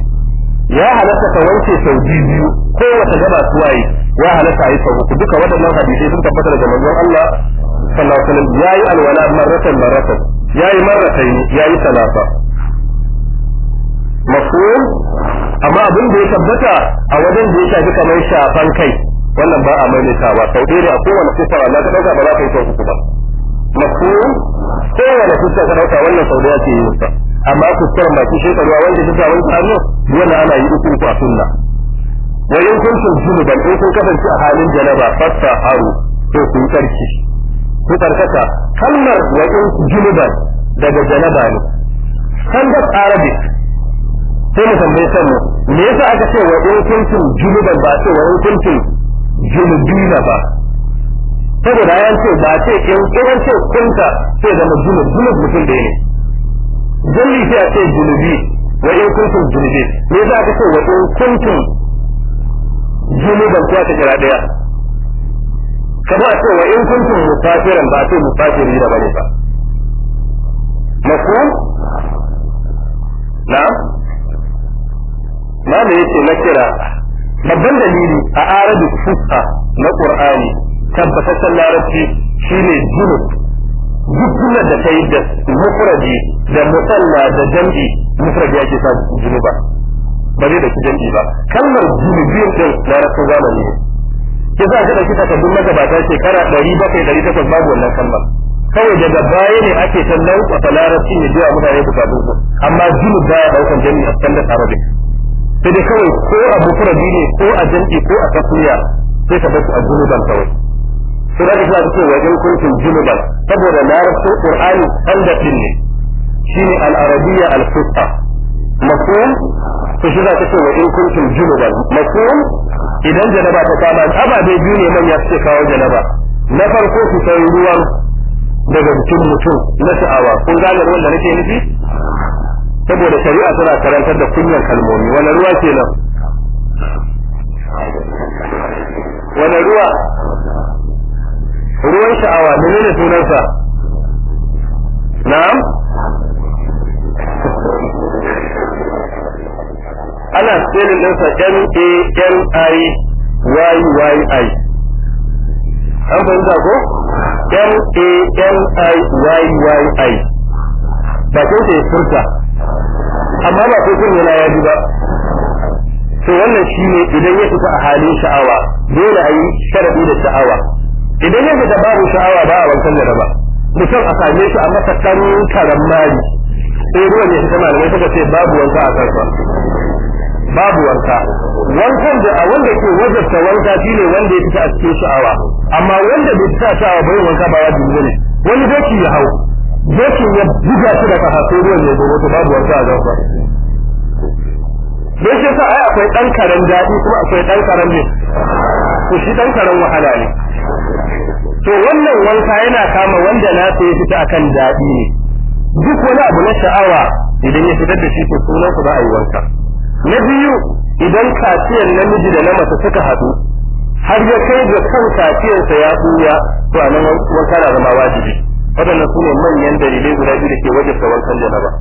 ya halatta ka wanke sau biyu kowace gaba suwaye ya halatta a yi sau uku duka waɗannan hadisai sun tabbata daga manzon Allah sallallahu alaihi wasallam yayi alwala marratan marratan yayi marratan yayi talata mafhum amma abin da ya tabbata a wajen da ya shafi kamar shafan kai wannan ba a maimaitawa sau ɗaya ne a kowane kufa na ka ɗauka ba za ka yi sau uku ba mafhum kowane kusa ka ɗauka wannan sau ɗaya ce yi musa amma kuskuren baki shekaruwa wanda shi ta wani tsaro yana ana yi uku uku a sunna wa in kuntum da in sun kasance a halin janaba fasta haru to sun karki ku karkata kalmar wa in daga janaba ne standard arabic sai mu tambaye kanmu me yasa aka ce wa in kuntum junuban ba ce wa in kuntum junubina ba saboda an ce ba ce in kun ce kunta sai zama junub junub mutum da ne yi sai a ce junubi wa in kuntum junubi me yasa aka ce wa in kuntum Jini junuban kuwa ta kira daya kama a cewa in kuntum mutafiran ba ce mutafiri da bane ba mafu na ma ne ce na kira babban dalili a arabi fuska na qur'ani tabbataccen larabci shine jini duk jumlar da ta yi da mufradi da musalla da jam'i mufradi yake sa junuba ba zai dauki jam'i ba kalmar zunubin din na rasu zamani ne ke za ka dauki takardun magabata shekara ɗari bakwai ɗari takwas babu wannan kallon. kawai daga baya ne ake ta lankwasa larabci ne zuwa mutane bukatun su amma junub baya ɗaukan jam'i a standard arabic sai dai kawai ko a mufradi ne ko a jam'i ko a tasmiya sai ka bar su a junuban kawai sai da kuma ce wajen kuntum junuban saboda larabcin qur'ani standard din ne shine al-arabiyya al-fusta mafhum to shi za ka ce wa in kuntum idan janaba ta kama ababe biyu ne manya suke kawo janaba na farko su sai ruwan daga bikin mutum na sha'awa kun gane ruwan da nake nufi saboda shari'a tana karantar da kunyan kalmomi wani ruwa kenan wani ruwan sha'awa menene sunansa na'am ana spelling ɗinsa N a n i y y i an fahimta ko N a n i y y i ba kai ta furta amma ba kai kun yana yaji ba to wannan shi ne idan ya fita a halin sha'awa dole a yi sharadi da sha'awa idan ya fita babu sha'awa ba a wankan da ba mutum a same shi a matakan kan karan mari sai ruwan ya fita malamai suka ce babu wanka a kansa babu wanka wankan da a wanda ke wajarta wanka ne wanda ya fita a cikin sha'awa amma wanda bai fita sha'awa bai wanka ba wajibi ne wani doki ya hau doki ya buga shi da kafa sai ruwan ya zo babu wanka a zafa don shi sa ai akwai dan karen daɗi kuma akwai dan karen ne to shi dan karen wahala ne to wannan wanka yana kama wanda na sai fita akan daɗi ne duk wani abu na sha'awa idan ya fitar da shi to sunan ku za a yi wanka na biyu idan na namiji da na mace suka haɗu har ya kai ga kan kaciyarsa ya tsuya to anan wanka na zama wajibi waɗannan su ne manyan dalilai guda biyu da ke wajabta wankan janaba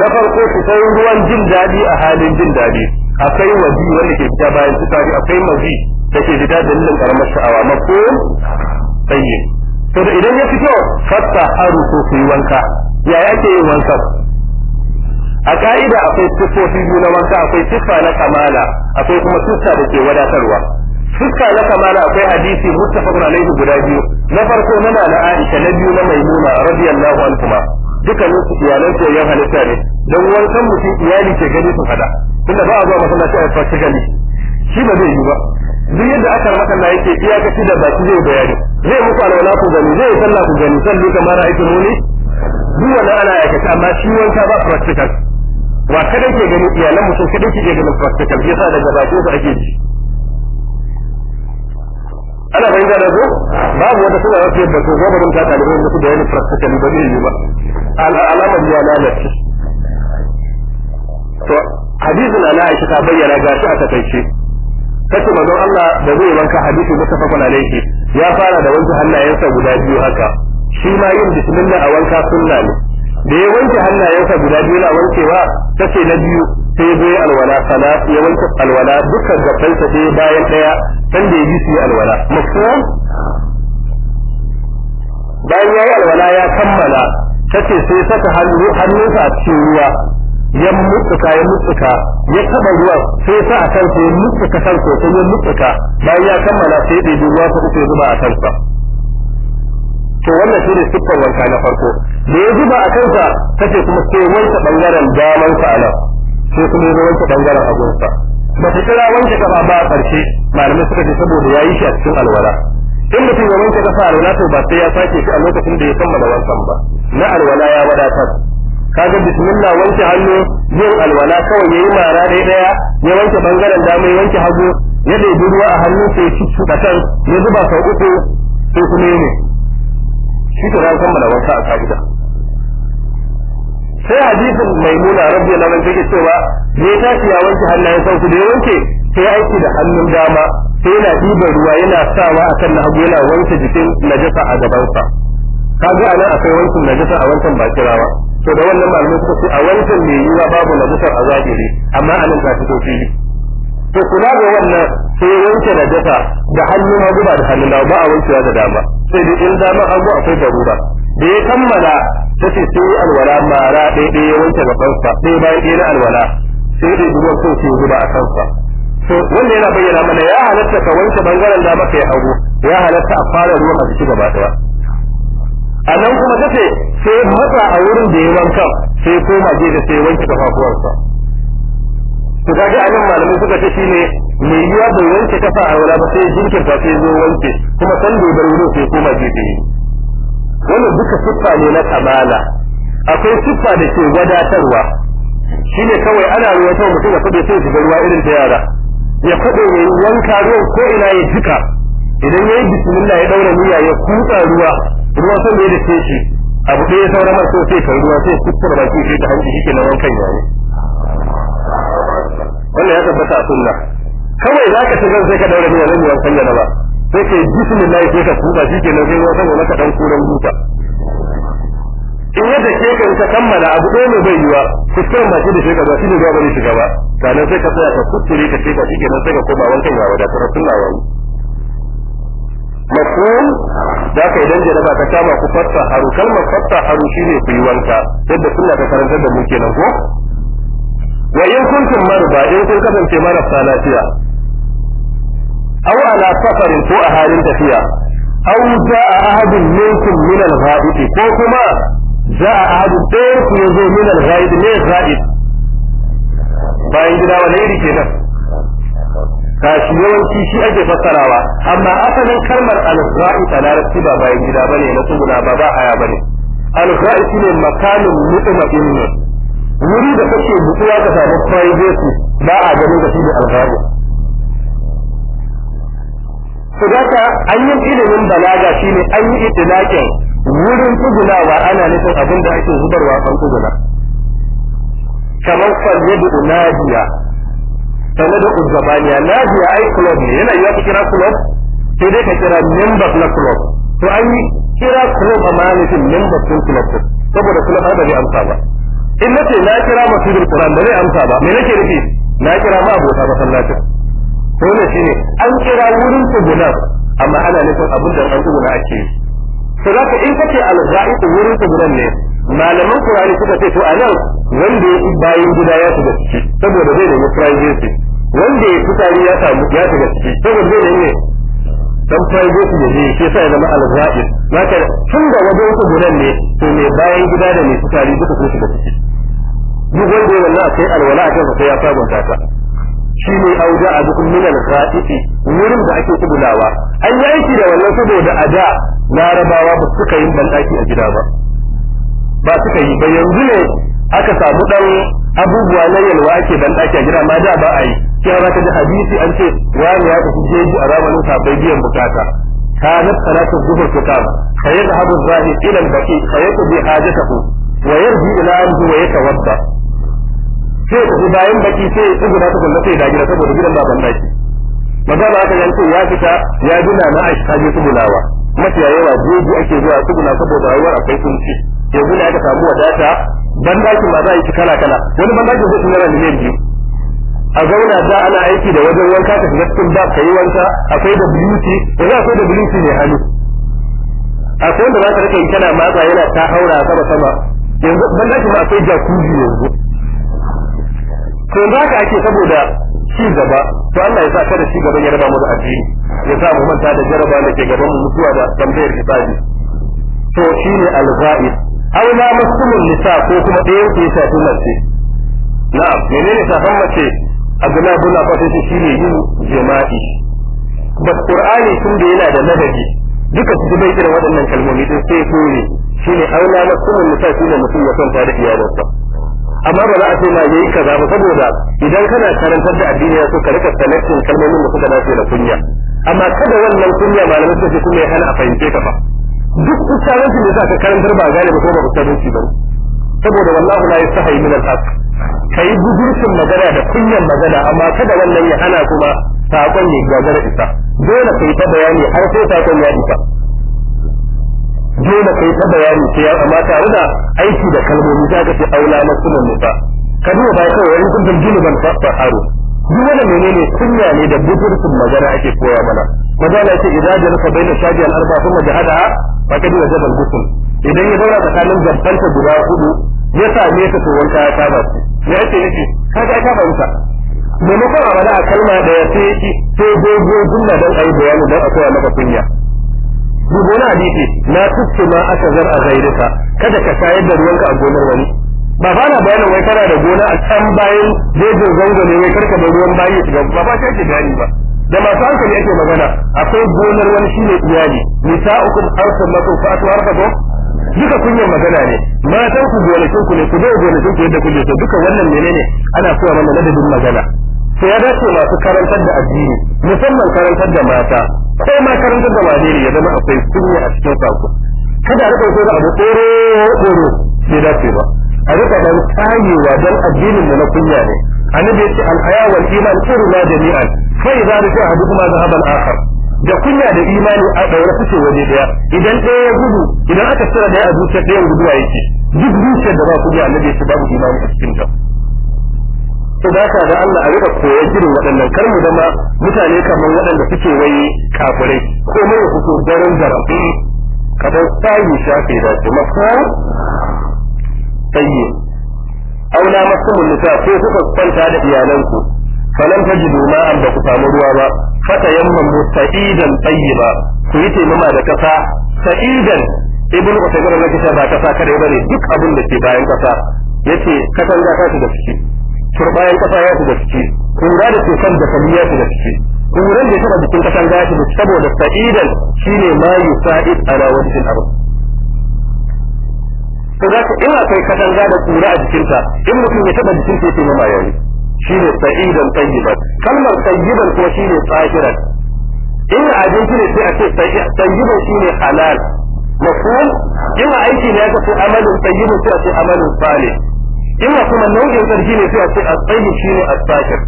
na farko sai ruwan jin daɗi a halin jin daɗi akwai waji wanda ke fita bayan fitsari akwai maji da ke fita dalilin karamar sha'awa mako tsaye to da idan ya fito fatta haru ko su yi wanka ya yake yin wanka a ka'ida akwai siffofi biyu na wanka akwai siffa na kamala akwai kuma siffa da ke wadatarwa siffa na kamala akwai hadisi muttafaqun laifin guda biyu na farko na na Aisha na biyu na Maimuna radiyallahu anhuma dukkanin su iyalan su yan halitta ne dan wankan mutum iyali ke gani su fada tunda ba a zuwa masallaci a fata gani shi ba zai yi ba duk yadda aka maka na yake iyakaci da baki zai bayani zai muku alwala ku gani zai sallah ku gani sallu kamar ra'aytu muni duk wannan ana aikata amma shi wanka ba practical ba kada ke ganin iyalan mutum kada ke ganin practical yasa daga bakin su ake ji ana bai da ko babu wata suna wace ba to gobe mun ta talibai musu da yana practical ba zai yi ba al'alamar ya lalace to hadisin ana aisha ta bayyana gashi a takaice kace manzon Allah da zai wanka hadisi mutafaqun alayhi ya fara da wanzu hannayensa guda biyu haka shi ma yin bismillah a wanka sunna ne da ya wanke hannayensa guda biyu na wankewa ta ce na biyu sai zai alwala sana ya wanke alwala dukkan gabansa sai bayan daya san da ya ji su alwala mafhum bayan ya yi alwala ya kammala ta ce sai saka hannu hannunsa a cikin ruwa ya mutsuka ya mutsuka ya taba ruwa sai sa a kansa ya mutsuka kansa sai ya mutsuka bayan ya kammala sai ya ɗebi ruwa ta uku ya zuba a kansa to wannan shi ne siffar wanka na farko da ya zuba a kansa ce kuma sai wanke bangaren daman sa nan sai kuma ya wanke bangaren hagunsa ba ta kira wanke kafa ba a ƙarshe malamai suka ce saboda ya yi shi a cikin alwala in mutum ya wanke kafa alwala to ba sai ya sake shi a lokacin da ya kammala wankan ba na alwala ya wadatar kaga bismillah wanke hannu yin alwala kawai yayi mara dai daya ya wanke bangaren dama ya wanke hagu ya ɗebi ruwa a hannun sai ya a kan ya zuba sau uku sai kuma ne shi ta ran kammala wanka a ka'ida sai hadisin maimuna rabbi na nan jirgin cewa ya tashi ya wanke hannayen sauku da ya wanke sai aiki da hannun dama sai yana ɗiban ruwa yana sawa kan na hagu yana wanke jikin najasa a gabansa kaga nan akwai wankin najasa a wancan ba kirawa to da wannan malamai suka ce a wancan mai yiwuwa babu najasa a zahiri amma a nan ta fito fili to kula da wannan sai wanke najasa da hannun hagu ba da hannun dama ba a wankewa da dama sai dai in dama hagu akwai darura da ya kammala ta ce sai alwala mara ɗaya ya wanke kansa ɗaya bayan ɗaya na alwala sai dai duwar so sai zuba a kansa to wanda yana bayyana mana ya halatta ka wanke bangaren da maka ya hagu ya halatta a fara ruwan a jiki gaba ɗaya a nan kuma ta ce sai matsa a wurin da ya wanka sai koma da sai wanke kafafuwarsa to kaga nan malamai suka ce shine mai yiwa bai wanke kafa a wala ba sai jinkirta sai zo wanke kuma san bai bar wurin sai koma gefe wannan duka siffa ne na kamala akwai siffa da ke wadatarwa shi ne kawai ana ruwa ta mutum ya kudu sai shiga ruwa irin ta yara ya kudu ya yi wanka ruwan ko ina ya jika idan ya yi bisimila ya daura niyya ya kutsa ruwa ruwa da ya dace shi abu ɗaya saura masu sai kan ruwa sai kukkura baki shi ta hanci shi ke na wankan yayi wannan ya tabbata a sunna kawai za ka zan sai ka daura niyya zan yi wankan yana ba sai ka yi bismillah sai ka kuka shi ke nan sai wani ka dan kuran duka in yadda ke ka ka kammala abu ɗaya ne bai yiwa kuskuren ba shi da shi gaba shi ne ruwa shi shiga ba sannan sai ka tsaya ka kuskure ka ce ka shi ke nan sai ka koma wancan ya wadatar sunna wani mafhum da ka idan ba ka kama ku fatta haru kalmar fatta haru shi ne ku yi wanka yadda suna ta karantar da mu kenan ko wa in kuntum marba in kun kasance marasa lafiya aw ala safarin ko a halin tafiya aw a ahadun minkum min al-ghaib ko kuma jaa ahadun ɗayan ku yazo min al-ghaib ne ghaib bayan gida wani iri kenan kashi yawanci shi ake fassarawa amma asalin kalmar al-ghaib a larabci ba bayan gida bane na tsuguna ba ba bane al-ghaib shine makamin mutmain ne wuri da kake mutuwa ka samu privacy ba a ganin da shi ne al-ghaib to an yi ilimin balaga shine an yi itilakin wurin tsugunawa ana nufin abin da ake zubarwa kan tsuguna kamar uNajiya, nadiya da uzzabaniya nadiya ai club ne yana yiwa ka kira club sai dai ka kira members na club to an yi kira club a malifin members sun club saboda club ai ba zai amsa ba in nace na kira bil qur'an ba zai amsa ba me nake nufi na kira ma abota masallacin dole shi ne an kira wurin tugunan amma ana nufin abin da an tuguna ake yi to za ka in kace alza'iku wurin tugunan ne malaman qur'ani suka ce to a nan wanda ya fi bayan gida ya shiga ciki saboda zai nemi privacy wanda ya fi ya samu ya shiga ciki saboda zai nemi dan privacy da ne shi sai zama alza'ik maka tun da wajen tugunan ne to ne bayan gida da ne fitari duka sun shiga ciki duk wanda ya wannan sai alwala a sai ya sabunta ta shi ne wuja a dukkan minal ra'iti wurin da ake tubulawa an yi aiki da wannan saboda a da larabawa ba suka yi banɗaki a gida ba ba suka yi ba yanzu ne aka samu ɗan abubuwa na yalwa ake banɗaki a gida ma da ba a yi kira za ka ji hadisi an ce wani ya tafi jeji a ramanin sabai biyan bukata كانت صلاة الظهر تقام فيذهب ku. Wayar البقيع فيقضي حاجته ويرجع ya kawar ba. sai ku bayan baki sai ku guda ta kullum sai da gida saboda gidan ba banda shi maza ba aka yanke ya fita ya duna na aisha ta je tsugulawa mafiya yawa jeji ake zuwa tsuguna saboda rayuwar akwai kunci yanzu ne aka samu wadata bandakin ma za a yi kala kala wani bandakin zai tunara miliyan biyu a zauna da ana aiki da wajen wanka ka shiga cikin bab ka yi wanka akwai da buluti da za akwai da buluti ne hannu akwai wanda za ka rike kana matsa yana ta haura sama sama yanzu ban dace ma akwai jacuzzi yanzu to za ka ake saboda ci gaba to Allah ya sa kada ci gaban ya raba mu da addini ya sa mu manta da jaraba da ke gaban mu mutuwa da tambayar hisabi to shine al-ghaib aw la masumul nisa ko kuma ɗayan ku ya shafi mace na'am menene shafan mace Abdullah bin Abbas shi shine yin jima'i ba Qur'ani tun da yana da ladabi duka su bai irin waɗannan kalmomi din sai ko ne shine aula masumul nisa shine mutum ya kwanta da iyalansa amma ba za a ce ma yayi kaza ba saboda idan kana karantar da addini ya so ka rika selectin kalmomin da suka dace da kunya amma kada wannan kunya malamai suke kuma ya hana a fahimce ka fa duk ustazanci da zaka karantar ba gane ba ko ba ustazanci ba saboda wallahi la yastahi min al-haq kai budurcin magana da kunyan magana amma kada wannan ya hana kuma sakon ne gagara isa dole kai ta bayani har sai sakon ya isa dole kai ta bayani sai ya amma tare da aiki da kalmomi za ka ce aula sunan nisa ka duba ba kawai wani ban fa fasaharu duk wani menene kunya ne da bukurkun magana ake koya mana magana ce idan ka baina shaji al-arba hada ba faqad wajaba jabal ghusl idan ya zauna tsakanin jabbanta guda hudu ya same ta to wanka ya kama su ya ce yake ga ka fahimta maimakon a mana a kalma da ya sai dogo jumla don a yi bayani don a koya maka kunya gona na hadisi na tuttu ma aka zar a zairuka kada ka sayar da ruwanka a gonar wani ba ba na bayanin wai kana da gona a can bayan jejin zango ne wai karka da ruwan bayi ya shiga ba ba ta ke gani ba da masu hankali ake magana akwai gonar wani shine iyali nisa'ukum harsun lakum fa'atu harfakum duka kunyar magana ne matan ku gonakin ku ne ku bai gonakin ku yadda kuke so duka wannan menene ana koya mana ladabin magana to ya dace masu karantar da addini musamman karantar da mata ko ma karantar da ne ya zama akwai kunya a cikin sako kada a rika da abu tsoro tsoro bai dace ba a rika dan kayewa dan addinin mu na kunya ne annabi yace al haya wal iman kirma jami'an fa idza rika ahadukum dhahaba al akhar da kunya da imani a daure suke waje daya idan ɗaya ya gudu idan aka tsira ɗaya a zuciya ɗayan guduwa yake duk zuciyar da ba kunya annabi yace babu imani a cikin ta to da ka ga Allah a riba koyar jirin waɗannan kar mu zama mutane kamar waɗanda suke wai kafirai ko mai fito daren zarafi kamar tsayi shafe da su mafi tsayi aula masu mulita ko kuka kwanta da iyalanku falan ta jidu ba ku samu ruwa ba fata yamman mu sa'idan ba ku yi taimama da kasa sa'idan ibn usaimin rakitar ba kasa kadai bane duk abin da ke bayan kasa yace katanga ta da ciki turbayan kasa ya shiga ciki kura da tufan da fali ya shiga ciki kuran da taba jikin kasan ya shiga saboda sa'idan shine ma yusa'id ala wajhil ardh to da ku ina kai kasan da kura a jikinta in mutum ya taba jikin sai ya mamaye shine sa'idan tayyiban kalmar tayyiban ko ne tsakiran in abinci ne sai a ce tayyiban ne halal mafhum in aiki ne ka ce amalin tayyiban sai a ce amalin salih ina kuma nau'in sarki ne sai a ce as-sayyid shine as-sakir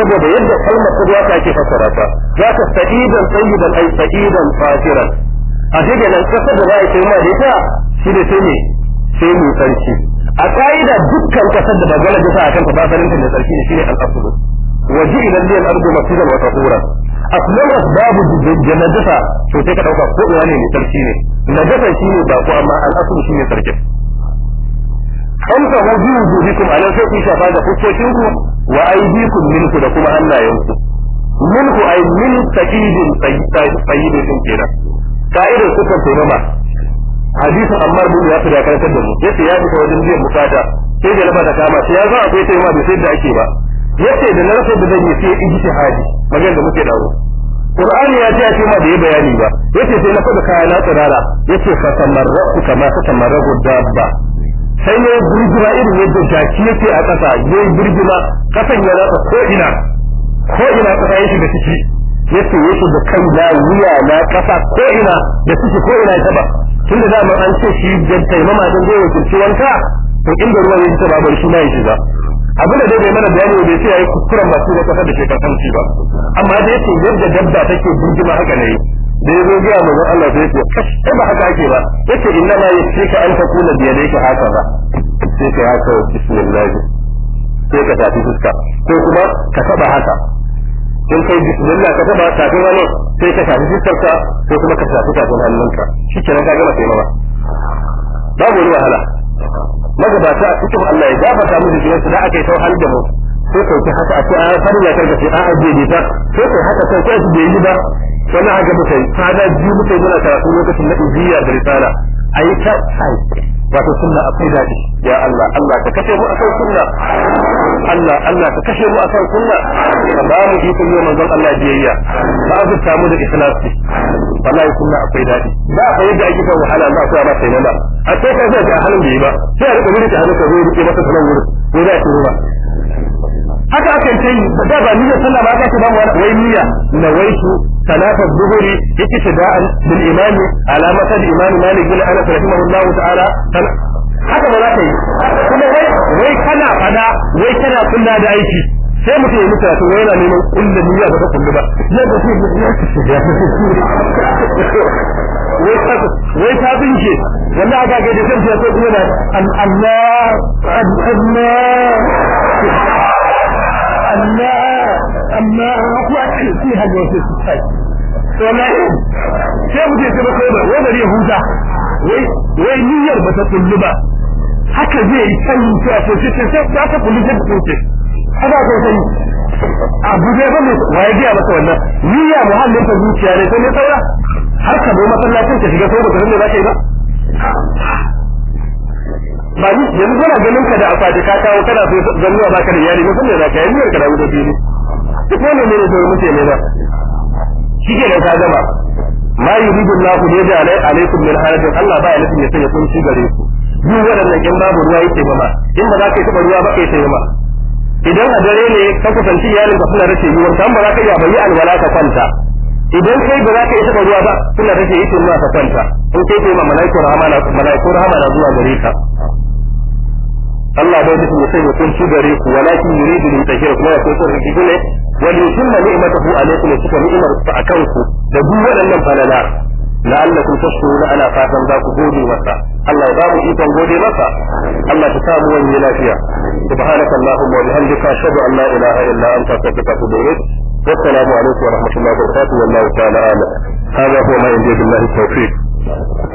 saboda yadda kalmar ta ke fasara ta za ka sa'idan sayyidan ai sa'idan fasiran a shi nan kasa da za a ce da ita shi da sai ne sai mu sarki a ka'ida dukkan kasar da magana ta akan ta basarin da sarki ne shine Waje idan biyan ji'ila lil ardu masjidan wa tahura babu da janajata to sai ka dauka ko ne sarki ne najasa shine ba ko amma al shi ne sarki an ta wajen wujuhikum anan sai ku shafa da fuskokin ku wa min minku da kuma hannayenku minku ai min taqidin tayyibin kenan ka'idar suka tunama hadisi ammar bin yasir ya karantar da mu yace ya fita wajen biyan bukata sai da lafa ta kama sai ya zo akwai sai ma bai sai da ake ba yace da na da zai yi sai ijtihadi magana da muke dawo Qur'ani ya ce ake ma da yi bayani ba yace sai na fada kaya na tsirara yace fa tamarraku kama ta tamarraku dabba sai ne birgima irin yadda jaki yake a ƙasa ya yi ƙasan ya ratsa ko ina ko ina ƙasa ya shiga ciki ya ce ya shiga kan da wuya na ƙasa ko ina da ciki ko ina ya ba tun da dama an ce shi da taimama don zai wakilci wanka to inda ruwan ya taba bari shi ma ya shiga abin da dai bai mana bayani bai ce yi kuskuren masu wata da ke kasance ba amma da ce yadda dabba take birgima haka ne da ya zo gaya manzon Allah sai ce kash ba haka ake ba yace inna ma ka an takuna bi yadayka haka ba sai ka haka bismillah sai ka tafi fuska ko kuma ka taba haka in kai bismillah ka taba tafi wani sai ka tafi fuskarka ko kuma ka tafi tafin hannunka shi kenan ka gama taimama babu wani wahala magabata a cikin Allah ya gabata mu da jinsu da aka yi tauhal da mu sai kai haka a ce a farilla karka sai a ta sai kai haka sai kai su bai yi ba wannan haka muka yi kwana biyu muka yi muna karatu lokacin na iziya da risala a yi ta wato sunna akwai daɗi ya Allah Allah ka kashe mu akan sunna Allah Allah ka kashe mu akan sunna ka ba mu ikon yau manzon Allah biyayya ka azurta mu da ikhlasi wallahi sunna akwai daɗi ba a yadda ake kan wahala ba ko ba sai nan a sai ka ga halin da yi ba sai a rika wuri ta hannu ka zo rike masa sanan wuri ko da ke ruwa haka ta yi da ba niyya sallah ba aka ba wai niyya na wai waitu salata dhuhri iktida'an bil imam ala masal imam malik bin anas rahimahullah ta'ala haka ba za ta yi kuma wai wai kana fada wai kana kunna da aiki sai mutum ya mutu ya tsoron yana neman kulla niyya ba ta kullu ba yadda sai ya wai ta bince wanda aka gaida sai ya ce kuma da Allah Allah amma amma da ba ba niyyar ta ba haka zai yi sai a sai ta ta ta ko sai ba waye ta wannan ta zuciya ne sai ne saura har ka zo masallacin ka shiga sai ba ka ba ba ni yanzu kana ganin ka da afadi ka kawo kana so zannuwa baka da iyali mutum ne za ka yi miyar ka da wuta fili duk wani ne ne da mutum ne ba shi ke da ka gama ma yuridu Allahu ne da alai alaikum min harajin Allah ba ya nufin ya sanya ci gare ku duk waɗannan in babu ruwa yake mama in ba za ka yi taɓa ruwa ba ka yi taimama idan a dare ne ka kusanci iyalin ka suna rashin yiwuwar kan ba za ka iya bayyana alwala ka kwanta idan kai ba za ka yi taɓa ruwa ba suna rashin yi taimama ka kwanta in kai taimama malaikun rahama na zuwa gare ka Allah bai duk mutum ya kunci gare ku walakin yuridu li tahira kuma ya kunci gare ku ne wa li yutimma ni'matahu alaykum suka ni'mar ta akan ku da duk waɗannan falala la'allakum tashkuruna ana fatan za ku gode masa Allah ya ba mu ikon gode masa Allah ta samu wani lafiya subhanaka allahumma wa bihamdika ashhadu an la ilaha illa anta astaghfiruka wa atubu ilayk والسلام عليكم ورحمة الله وبركاته والله تعالى أعلم هذا هو ما يملك الله التوفيق